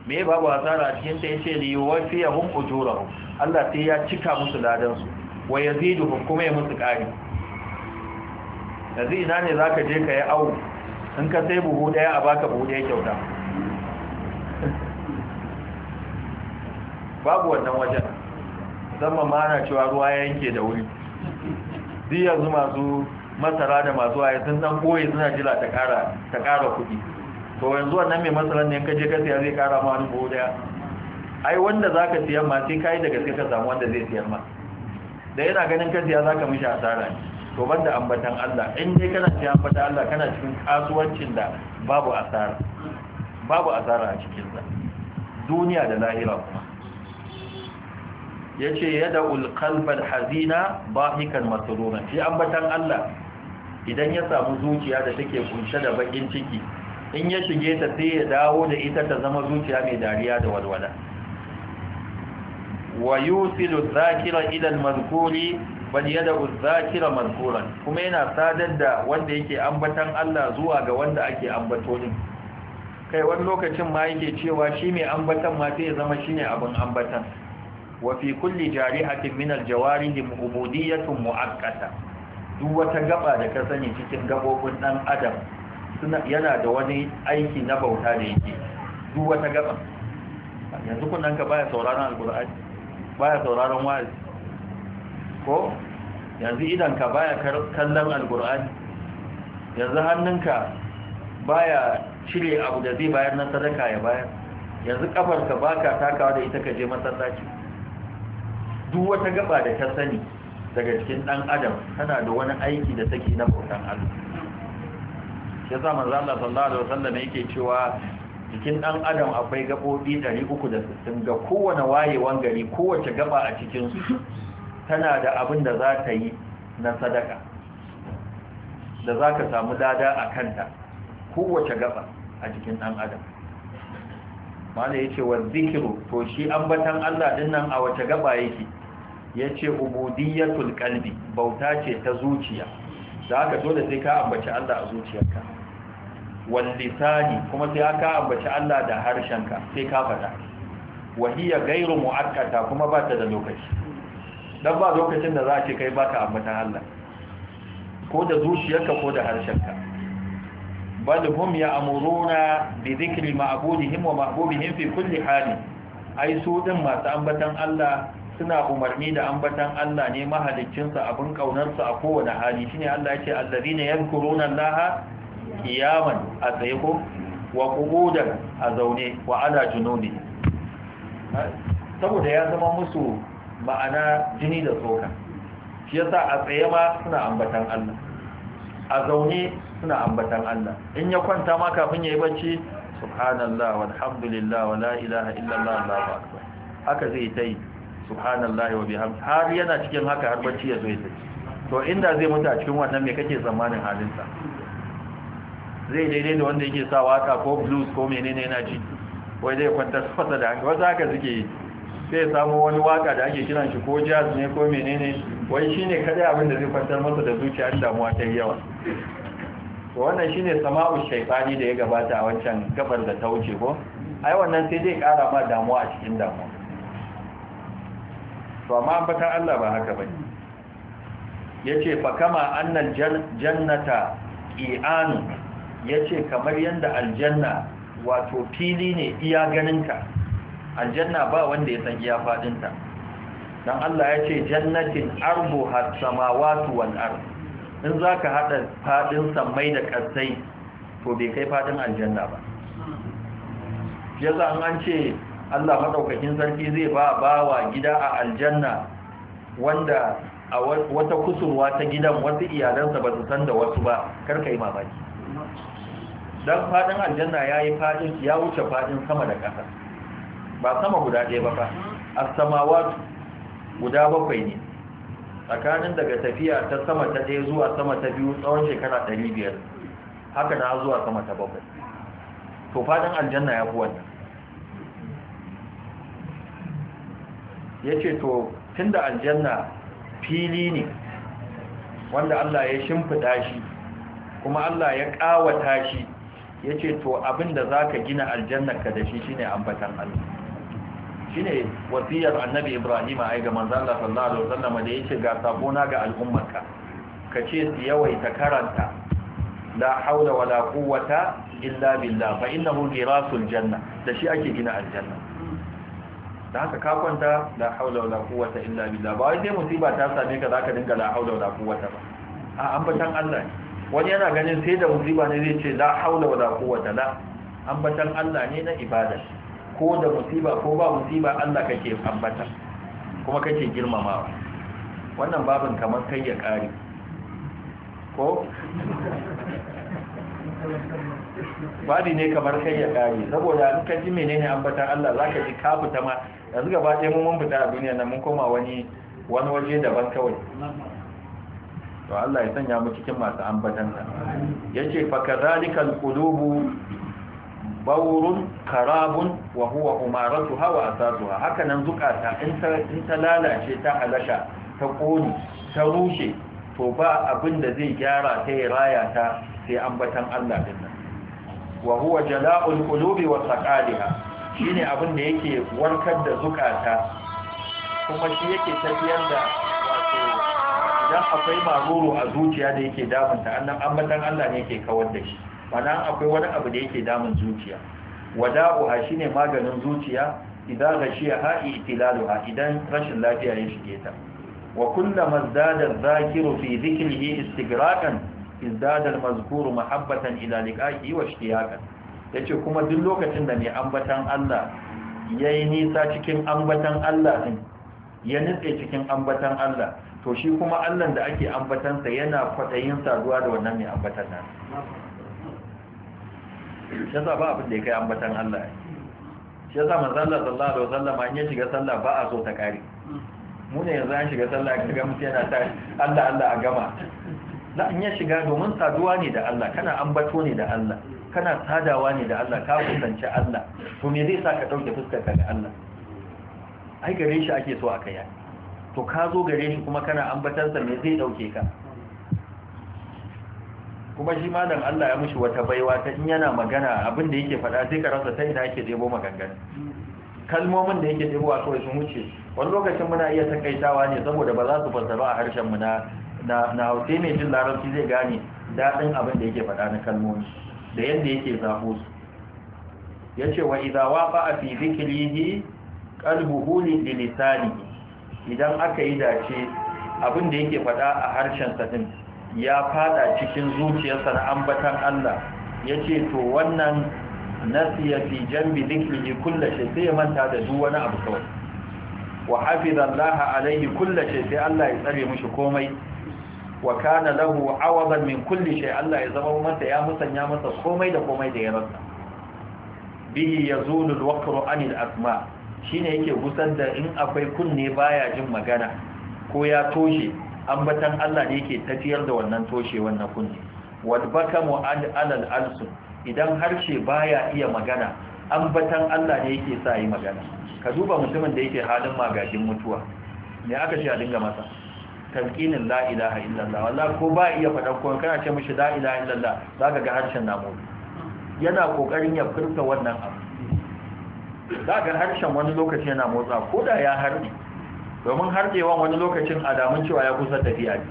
me babu hasara a cikin ta yace li yuwaffiyahum ujurahum Allah sai ya cika musu ladansu. wa yaziduhum kuma ya musu ƙari yanzu ina ne zaka je ka yi awu in ka sai buhu ɗaya a baka buhu ɗaya kyauta babu wannan wajen zama mana cewa ruwa ya yanke da wuri Zai yanzu masu masara da masu waye sun dan koyi suna jira ta kara kuɗi to yanzu wannan mai masaran ne ka je ka siya zai kara ma wani buhu ɗaya? ai wanda zaka siyan ma sai kai da gaske ka samu wanda zai siyan ma da yana ganin ka zaka mishi asara ne to banda ambatan Allah in dai kana siya ambatan Allah kana cikin kasuwancin da babu asara babu asara a cikin sa duniya da lahira kuma yace yada qalbal hazina bahikan masruran shi ambatan Allah idan ya samu zuciya da take kunshe da bakin ciki in ya shige ta sai ya dawo da ita ta zama zuciya mai dariya da walwala wa yusilu zakira ila al-mazkuri bal yad'u kuma yana sadar da wanda yake ambatan Allah zuwa ga wanda ake ambato din kai wani lokacin ma yake cewa shi mai ambatan ma sai ya zama shine abin ambatan wa fi kulli jarihatin min al-jawarih ubudiyatun duk wata gaba da ka sani cikin gabobin dan adam yana da wani aiki na bauta da yake duk wata gaba yanzu kun nan ka baya sauraron alqur'ani baya sauraron wa'azi ko yanzu idanka baya kallon alkur'ani yanzu hannunka baya cire abu da zai bayar na sadaka ya bayar yanzu kafarka baka takawa da ita ka je masallaci duk wata gaba da ta sani daga cikin dan adam tana da wani aiki da take na bautan Allah yasa manzo Allah sallallahu alaihi wasallam yake cewa jikin ɗan adam akwai gaɓoɓi 360 ga kowane wayewan gari kowace gaba a cikinsu tana da abin da za ta yi na sadaka da za ka samu dada a kanta kowace gaba a jikin ɗan adam mana ya ce wa zikiru to shi ambatan Allah dinnan a wace gaba yake ya ce ubudiyatul kalbi bauta ce ta zuciya Za ka dole sai ka ambaci Allah a zuciyarka wallisani kuma sai aka ambaci Allah da harshenka sai ka faɗa wahiya gairu mu'akkata kuma ba ta da lokaci dan ba lokacin da za a ce kai baka ambatan Allah ko da zuciyarka ko da harshenka bal hum ya'muruna bi dhikri ma'budihim wa mahbubihim fi kulli hali ai su din masu ambatan Allah suna umarni da ambatan Allah ne mahaliccinsa abin kaunarsa a kowane hali shine Allah yake allazina yadhkuruna Allah kiyaman a tsaye ko wa kubudan a zaune wa ala jununi saboda ya zama musu ma'ana jini da tsoka shi yasa a tsaye ma suna ambatan Allah a zaune suna ambatan Allah in ya kwanta ma kafin ya yi bacci subhanallah walhamdulillah wala ilaha illallah allahu akbar haka zai tai subhanallah wa bihamdi har yana cikin haka har bacci ya zo ya tafi to inda zai mutu a cikin wannan me kake tsammanin halinsa zai daidai da wanda yake sa waka ko blues ko menene yana ji wai zai kwantar fasa da hankali wasu haka suke yi sai samu wani waka da ake kiran shi ko jazz ne ko menene wai shine kada abin da zai kwantar masa da zuciya da damuwa ta yawa to wannan shine sama'u shaytani da ya gabata a wancan gabar da ta wuce ko ai wannan sai zai kara ma damuwa a cikin damuwa to amma ambatan Allah ba haka bane yace fa kama annal jannata i'anu ya ce kamar yadda aljanna wato fili ne iya ganinka aljanna ba wanda ya san iya fadinta don Allah ya ce jannatin arbu har wani wal'ar in za ka haɗa faɗin samai da ƙasai to bai kai faɗin aljanna ba ya za an ce Allah maɗaukakin sarki zai ba bawa gida a aljanna wanda a wata kusurwa ta gidan wasu iyalansa ba su san da wasu ba karka yi mamaki don fadin aljanna ya yi fadin ya wuce fadin sama da ƙasa ba sama guda ɗaya ba fa a samawa guda bakwai ne tsakanin daga tafiya ta sama ta ɗaya zuwa sama ta biyu tsawon shekara ɗari biyar haka na zuwa sama ta bakwai to fadin aljanna ya fi wannan ya ce to tun da aljanna fili ne wanda Allah ya shimfiɗa shi kuma Allah ya ƙawata shi ya ce to abinda za ka gina ka da shi shine ambatan Allah shine wasiyar annabi ibrahim a ga manzo Allah sallallahu alaihi wasallam da yake ga sabona ga al'ummarka ka ce su yawaita karanta la haula wala quwwata illa billah fa innahu girasul janna da shi ake gina aljanna da haka ka kwanta la haula wala quwwata illa billah ba wai sai musiba ta same ka zaka dinga la haula wala quwwata ba a ambatan Allah ne wani yana ganin sai da musiba ne zai ce la haula wala quwwata la ambatan Allah ne na ibada ko da musiba ko ba musiba Allah kake ambata kuma kake girmamawa wannan babin kamar kai ya kare ko babi ne kamar kai ya kare saboda in ka ji menene ambatan Allah zaka ji ka fita ma yanzu gaba ɗaya mun fita a duniya nan mun koma wani wani waje daban kawai to Allah ya sanya mu cikin masu ambatansa yace fa kadhalikal qulubu bawrun karabun wa huwa umaratu hawa asasuha haka nan zukata in ta lalace ta halaka ta kone ta rushe to ba abin da zai gyara ta raya ta sai ambatan Allah din nan wa huwa jala'ul qulubi wa saqaliha shine abin da yake warkar da zukata kuma shi yake tafiyar da idan akwai maruru a zuciya da yake damunta annan ambatan Allah ne yake kawar da shi mana akwai wani abu da yake damun zuciya wada'uha shine maganin zuciya idan gashiya ha itilaluha idan rashin lafiya ya shige ta wa kullama zada zakiru fi dhikrihi istigraqan izdada al mahabbatan ila liqa'ihi wa ishtiyaqan yace kuma duk lokacin da mai ambatan Allah yayi nisa cikin ambatan Allah din ya nitse cikin ambatan Allah to shi kuma allon da ake ambatansa yana kwatayin saduwa da wannan mai ambatan nan shi yasa ba abin da ya kai ambatan allah shi yasa manzallar sallallahu alaihi wasallam an yi shiga sallah ba a so ta kare mu ne yanzu an shiga sallah ka ga mutu yana ta allah allah a gama na an yi shiga domin saduwa ne da allah kana ambato ne da allah kana sadawa ne da Allah ka kusanci Allah to me zai sa ka dauke fuskar ka ga Allah ai gare shi ake so aka yi to ka zo gare shi kuma kana ambatansa mai zai dauke ka kuma shi malam Allah ya mishi wata baiwa ta in yana magana abin da yake faɗa sai ka rasa ta ina yake debo maganganu kalmomin da yake debo a kawai sun wuce wani lokacin muna iya takaitawa ne saboda ba za su fassara a harshen mu na na hausa mai jin larabci zai gane daɗin abin da yake faɗa na kalmomi da yadda yake zafo su yace wa idza wafa fi dhikrihi qalbuhu li lisanihi idan aka yi dace abin da yake faɗa a harshen sadin, ya fada cikin zuciyarsa na ambatan Allah ya ce to wannan nasiya fi jambi zikrihi kulla sai ya manta da duk wani abu kawai wa alaihi kulla sai Allah ya tsare mishi komai wa kana lahu awadan min kulli shay Allah ya zama masa ya musanya masa komai da komai da ya rasa bihi yazulu al anil asma' Shi ne yake gusar da in akwai kunne baya jin magana ko ya toshe ambatan Allah ne yake tafiyar da wannan toshe wannan kunne wadbaka bakamu ad alal alsun idan harshe baya iya magana ambatan Allah ne yake sa yi magana ka duba mutumin da yake halin magagin mutuwa ne aka ce a dinga masa talqinin la ilaha illallah wallahi ko ba iya faɗan ko kana ce mishi la ilaha illallah zaka ga harshen namu yana kokarin ya furta wannan abu za ga harshen wani lokaci yana motsa ko da ya harbe domin harbewa wani lokacin alamun cewa ya kusa tafiya ne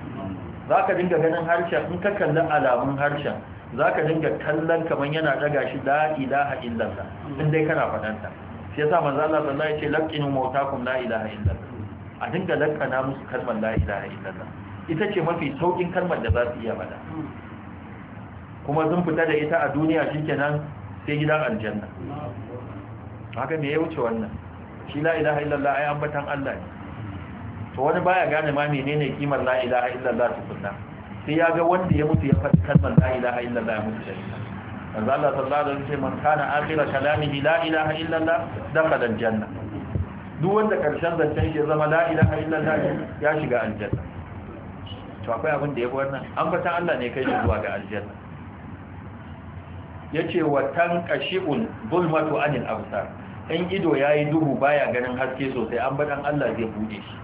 za ka dinga ganin harshen in ka kalli alamun harshen za ka dinga kallon kamar yana daga shi la ilaha illallah in dai kana fadanta shi yasa manza Allah sallallahu alaihi wasallam ya ce mautakum la ilaha illallah a dinga lakkana musu kalmar la ilaha illallah ita ce mafi saukin kalmar da za su iya faɗa kuma sun fita da ita a duniya shikenan sai gidan aljanna haka me ya wuce wannan shi la ilaha illallah ai ambatan Allah ne to wani baya gane ma menene kimar la ilaha illallah tukunna sai ya ga wanda ya mutu ya faɗi kalmar la ilaha illallah ya mutu da ita manzo Allah sallallahu alaihi wasallam man kana akhira kalamihi la ilaha illallah dakhala aljanna duk wanda karshen zancen shi ya zama la ilaha illallah ya shiga aljanna to akwai abin da yafi wannan ambatan Allah ne kai zuwa ga aljanna yace wa tanqashibul zulmatu anil absar ɗan ido ya yi duhu baya ganin haske sosai an baɗan Allah zai buɗe shi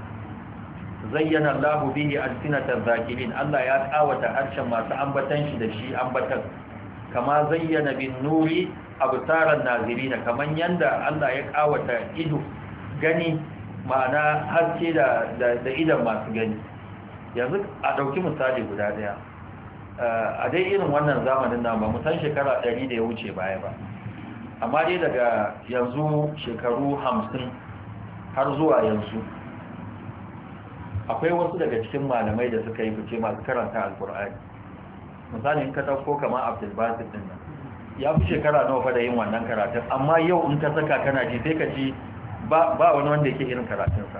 zayyana Allah bihi alsinatar zakirin Allah ya kawata harshen masu ambatan shi da shi ambatan kama zayyana bin nuri abtaran nazirina kaman yanda Allah ya kawata ido gani ma'ana haske da da idan masu gani yanzu a ɗauki misali guda ɗaya eh, a dai irin wannan zamanin nan ba mu san shekara 100 da ya wuce baya ba amma dai daga yanzu shekaru hamsin har zuwa yanzu akwai wasu daga cikin malamai da suka yi fice masu karanta alkur'ani misali in ka ɗauko kamar abdulbasir din nan ya fi shekara nawa fa da yin wannan karatun amma yau in ka saka kana ji sai ka ji ba wani wanda yake irin karatunsa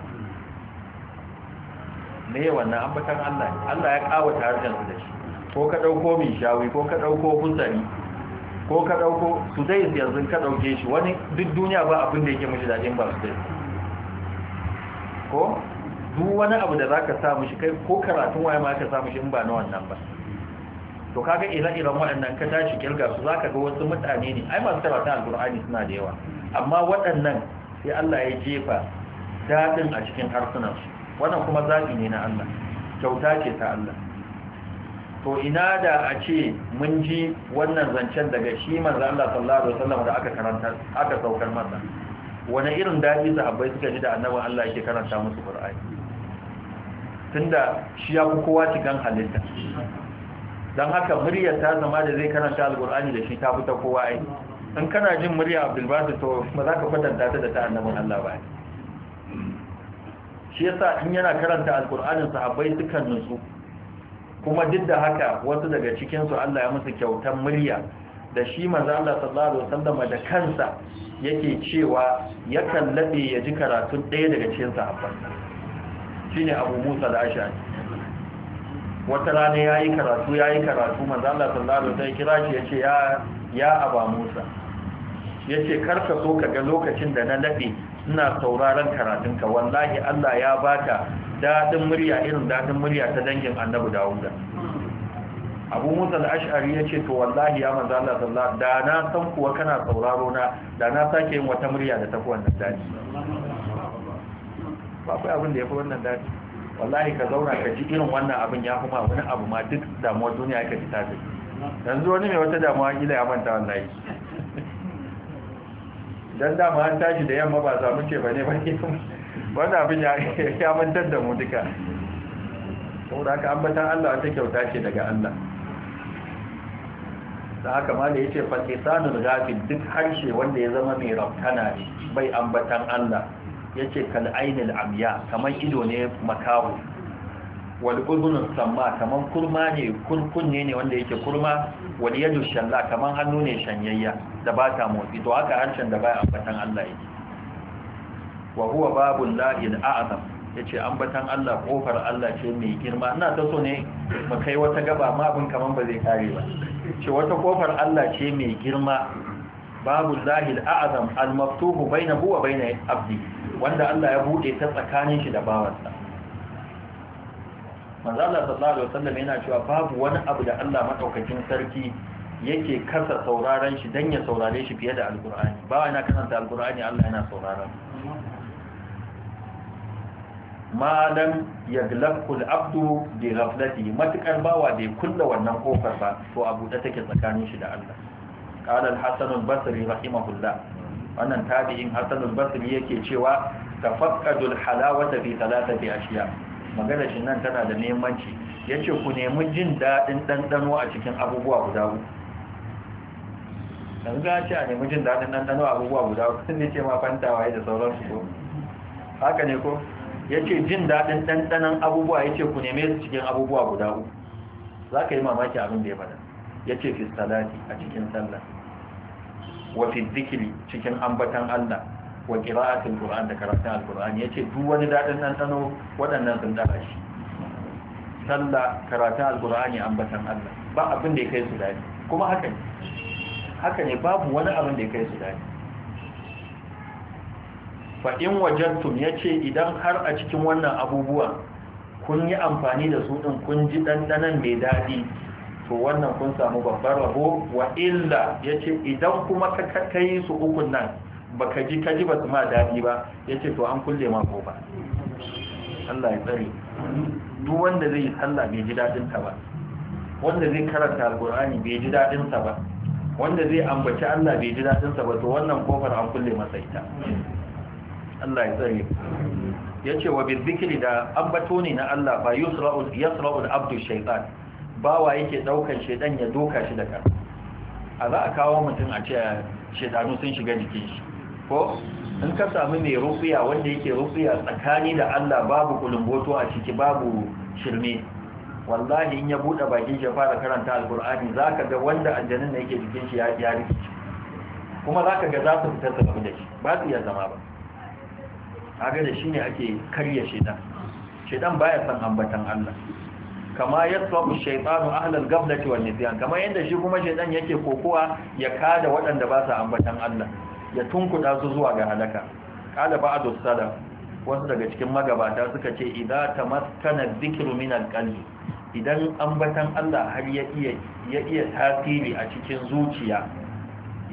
ne wannan ambatan Allah Allah ya kawata harshen su da shi ko ka ɗauko min shawi ko ka ɗauko huzari ko ka ɗauko su dai yanzu ka ɗauke shi wani duk duniya ba abin da yake mashi daɗin ba su ko duk wani abu da za ka samu shi kai ko karatun waye ma ka samu shi in ba na wannan ba to kaga ire-iren waɗannan ka tashi kirga su za ka ga wasu mutane ne ai masu karatun alkur'ani suna da yawa amma waɗannan sai Allah ya jefa daɗin a cikin harsunansu wannan kuma zaɓi ne na Allah kyauta ce ta Allah to ina da a ce mun ji wannan zancen daga shi manzo Allah sallallahu alaihi wasallam da aka karanta aka saukar masa wani irin dadi sahabbai suka ji da annabi Allah yake karanta musu Qur'ani tunda shi ya kowa cikin halitta dan haka muryar ta zama da zai karanta alqur'ani da shi ta fita kowa ai in kana jin murya Abdul Basit to ba za ka kwatanta ta da ta annabin Allah ba shi yasa in yana karanta alqur'anin sahabbai sukan nutsu kuma duk da haka wasu daga cikinsu Allah ya musu kyautar murya da shi maza Allah sallallahu sallama da kansa yake cewa ya kallabe ya ji karatun ɗaya daga cikin sahabban ne Abu Musa da ne wata rana ya yi karatu ya yi karatu maza Allah sallallahu ta yi kira shi ya ya ya Aba Musa ce karka so ka ga lokacin da na laɓe ina sauraron karatunka wallahi Allah ya baka Dadin murya irin dadin murya ta dangin annabu dawuda abu musa al'ashari ya ce to wallahi ya maza Allah da na san kuwa kana sauraro na da na sake yin wata murya da tafi wannan daji ba kai abin da ya fi wannan daji wallahi ka zauna ka ji irin wannan abin ya kuma wani abu ma duk damuwar duniya ka ji ta yanzu wani mai wata damuwa kila ya manta wallahi don dama an tashi da yamma ba samu ce ba ne ba ne wani abin ya mantar da mu duka saboda ka ambatan Allah ta kyauta ce daga Allah da haka ma da ya ce fatisanul duk harshe wanda ya zama mai raftana bai ambatan Allah ya ce kal'ainil amya kamar ido ne makawo wal udhunus samma kaman kurma ne kunne ne wanda yake kurma wal yadu shalla kaman hannu ne shanyayya da ba ta motsi to haka harshen da bai ambatan Allah yake wa huwa babul lahi ya ce ambatan Allah ƙofar Allah ce mai girma ina ta so ne mu kai wata gaba ma abin kamar ba zai kare ba ce wata kofar Allah ce mai girma babu zahil a'azam al-maftuhu bainahu wa bain abdi wanda Allah ya bude ta tsakanin shi da bawansa manzala sallallahu alaihi wasallam yana cewa babu wani abu da Allah madaukakin sarki yake kasa sauraron shi dan ya saurare shi fiye da alkur'ani ba na kasanta alkur'ani Allah yana sauraron malam yaglaqul abdu bi ghaflati matakar bawa bai kulla wannan kofar ba to abu da take tsakanin shi da Allah qala al-hasan al-basri rahimahullah wannan tabi'in hasan al yake cewa tafaqqadul halawata bi thalathati ashiya' magana shi nan tana da nemanci ya ce ku nemi jin daɗin ɗanɗano a cikin abubuwa guda uku za a ce a nemi jin daɗin ɗanɗano a abubuwa guda uku sun ne ce ma fantawa ya da sauransu ko haka ne ko ya ce jin daɗin ɗanɗanon abubuwa ya ce ku neme su cikin abubuwa guda uku za ka yi mamaki abin da ya faɗa ya ce fi salati a cikin sallah wa fi zikiri cikin ambatan allah wa qira'atul qur'an da karatun alqur'ani yace duk wani dadin nan tsano waɗannan sun dara shi sallah karatun alqur'ani ambatan Allah ba abin da ya kai su daɗi kuma haka ne haka ne babu wani abin da ya kai su daɗi fa in wajadtum yace idan har a cikin wannan abubuwa kun yi amfani da su din kun ji dandanan mai dadi to wannan kun samu babbar rabo wa illa yace idan kuma ka kai su ukun nan baka ji kaji ba su ma daɗi ba ya ce to an kulle ma ba. Allah ya tsare duk wanda zai yi sallah bai ji daɗin ba wanda zai karanta Alƙur'ani bai ji daɗin sa ba wanda zai ambaci Allah bai ji daɗin sa ba to wannan kofar an kulle masa ita Allah ya tsare ya ce wa bil zikri da ambato ne na Allah ba yusra'u yasra'u abdu shaytan bawa yake daukar shedan ya doka shi da kan a za a kawo mutum a ce shedanu sun shiga jikin shi ko in ka sami mai rufiya wanda yake rufiya tsakani da Allah babu kulumboto a ciki babu shirme wallahi in ya bude bakin shi fara karanta alqur'ani zaka ga wanda aljannin da yake cikin shi ya ya rikici kuma zaka ga za su fita su gabu da shi ba su iya zama ba kaga da shine ake karya shedan shedan baya san ambatan Allah kama yasfabu shaytanu ahlal gaflati wan nisyan kama yanda shi kuma shedan yake kokowa ya kada waɗanda ba su ambatan Allah ya tunkuɗa su zuwa ga halaka ba a salaf wasu daga cikin magabata suka ce idza maskana zikiru min alqalbi idan ambatan Allah har ya iya tasiri a cikin zuciya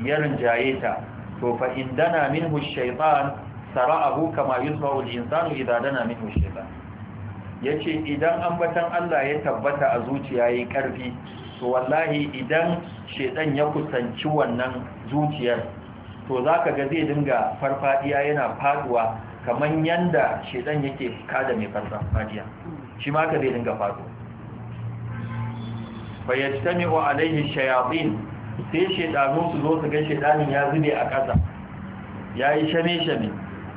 ya rinjaye ta to fa indana minhu ash-shaytan sara'ahu kama yusra'u al-insanu idza dana min hushaifan Ya ce idan ambatan Allah ya tabbata a zuciya ya yi ƙarfi, to wallahi idan shaidan ya kusanci wannan zuciyar to za ka ga zai dinga farfadiya yana faduwa kamar yadda shedan yake kada mai farfadiya shi ma ka zai dinga faduwa fayyajtami'u alaihi shayabin sai shedanu su zo su ga shedanin ya zube a ƙasa yi shame shame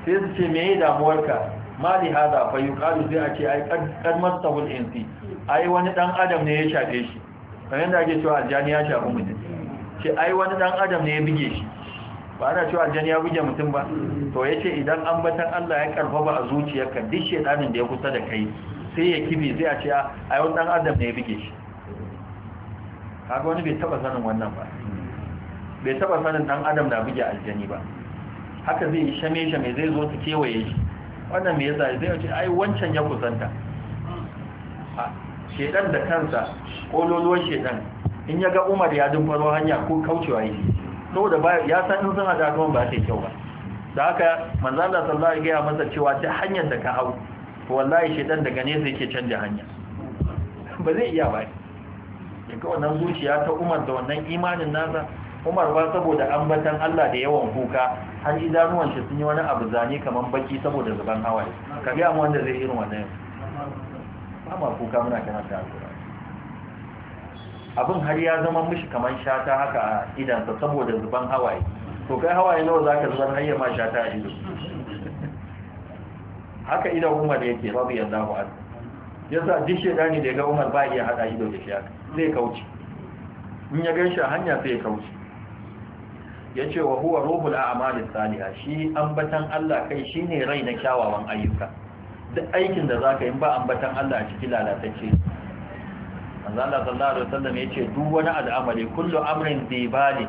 sai su ce mai damuwarka ma li haza fa yuqalu zai a ce ai qad mastahul insi ai wani dan adam ne ya shafe shi kamar yadda ake cewa aljani ya shafi mutum ce ai wani dan adam ne ya bige shi ba ana cewa aljani ya buge mutum ba to ya ce idan batan Allah ya karfafa a zuciyarka duk shedanin da ya kusa da kai sai ya kibi sai a ce a yau dan adam ne ya buge shi kaga wani bai taba sanin wannan ba bai taba sanin dan adam na buge aljani ba haka zai yi shame shame zai zo ta kewaye shi wannan me yasa zai ce ai wancan ya kusanta shedan da kansa kololuwar shedan in ya ga Umar ya dumfaro hanya ko kaucewa yi saboda ya san in suna da ruwan ba sai kyau ba da haka manzala sallallahu alaihi wasallam masa cewa ta hanyar da ka hau to wallahi shedan daga ne sai ke canja hanya ba zai iya ba ga wannan zuciya ta Umar da wannan imanin nasa Umar ba saboda ambatan Allah da yawan kuka har idanuwan shi sun yi wani abu zane kaman baki saboda zuban hawaye ka ga mu wanda zai irin wannan ba ma kuka muna kana ta abin har ya zama mishi kamar shata haka a idansa saboda zuban hawaye to kai hawaye nawa za ka hayya ma shata a ido haka idan umar yake rabu ya a an yasa duk shaidani da ya ga umar ba iya haɗa ido da shi haka zai kauce in ya gan shi a hanya sai ya kauce ya ce wa huwa ruhul a'malis saliha shi ambatan Allah kai shine rai na kyawawan ayyuka duk aikin da zaka yi ba ambatan Allah a cikin lalatacce manzo Allah sallallahu alaihi wasallam yace duk wani al'amari kullu amrin dibali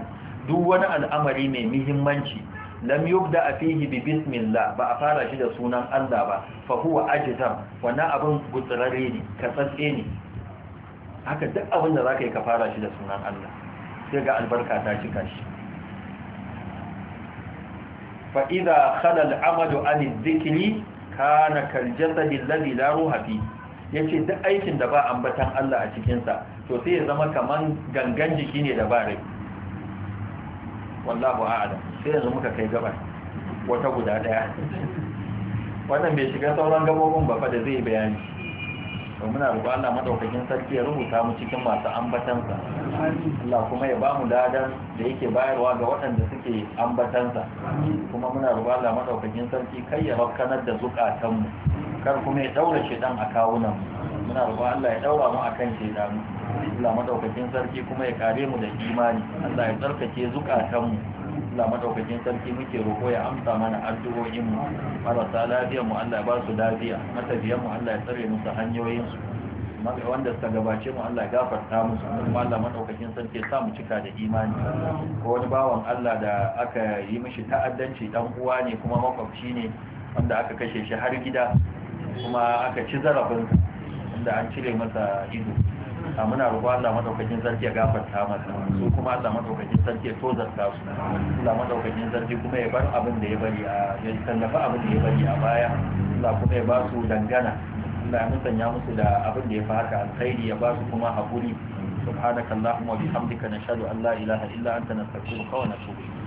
duk wani al'amari mai muhimmanci lam yubda fihi bi bismillah ba a fara shi da sunan Allah ba fa huwa ajtam wannan abin gutsarare ne ka tsatse ne haka duk abin da zaka yi ka fara shi da sunan Allah sai ga albarka ta cika shi fa idza khala al-amalu an adh-dhikri kana kal jasadi alladhi la ruha fihi ya ce duk aikin da ba ambatan Allah a cikinsa to sai ya zama kaman gangan jiki ne da ba rai wallahu a'ala sai yanzu muka kai gabar wata guda daya wannan bai shiga sauran gabobin ba fa da zai bayani to muna roƙon Allah madaukakin sarki ya rubuta mu cikin masu ambatansa Allah kuma ya bamu dadan da yake bayarwa ga waɗanda suke ambatansa kuma muna roƙon Allah madaukakin sarki kai ya rakkanar da mu kar kuma ya daura dan a kawunan muna roƙon Allah ya daura mu akan mu. Allah madaukakin sarki kuma ya kare mu da imani Allah ya tsarkake zukatan mu Allah madaukakin sarki muke roƙo ya amsa mana addu'o'in mu ta lafiyar mu Allah ya ba su lafiya matafiyan mu Allah ya tsare musu hanyoyin su wanda suka gabace mu Allah ya gafarta musu kuma Allah madaukakin sarki sa mu cika da imani ko wani bawan Allah da aka yi mishi ta'addanci dan uwa ne kuma makwabci ne wanda aka kashe shi har gida kuma aka ci zarafin inda an cire masa ido a muna roƙo Allah madaukakin sarki ya gafarta masa su kuma Allah madaukakin sarki ya tozarta su Allah madaukakin sarki kuma ya bar abin da ya bari a ya tallafa abin da ya bari a baya Allah kuma ya ba su dangana Allah ya musanya musu da abin da ya fi haka alkhairi ya ba su kuma haƙuri subhanaka allahumma bihamdika nashhadu an la ilaha illa anta nastaghfiruka wa natubu ilayk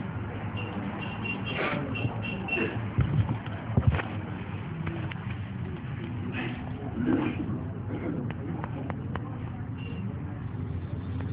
Thank you.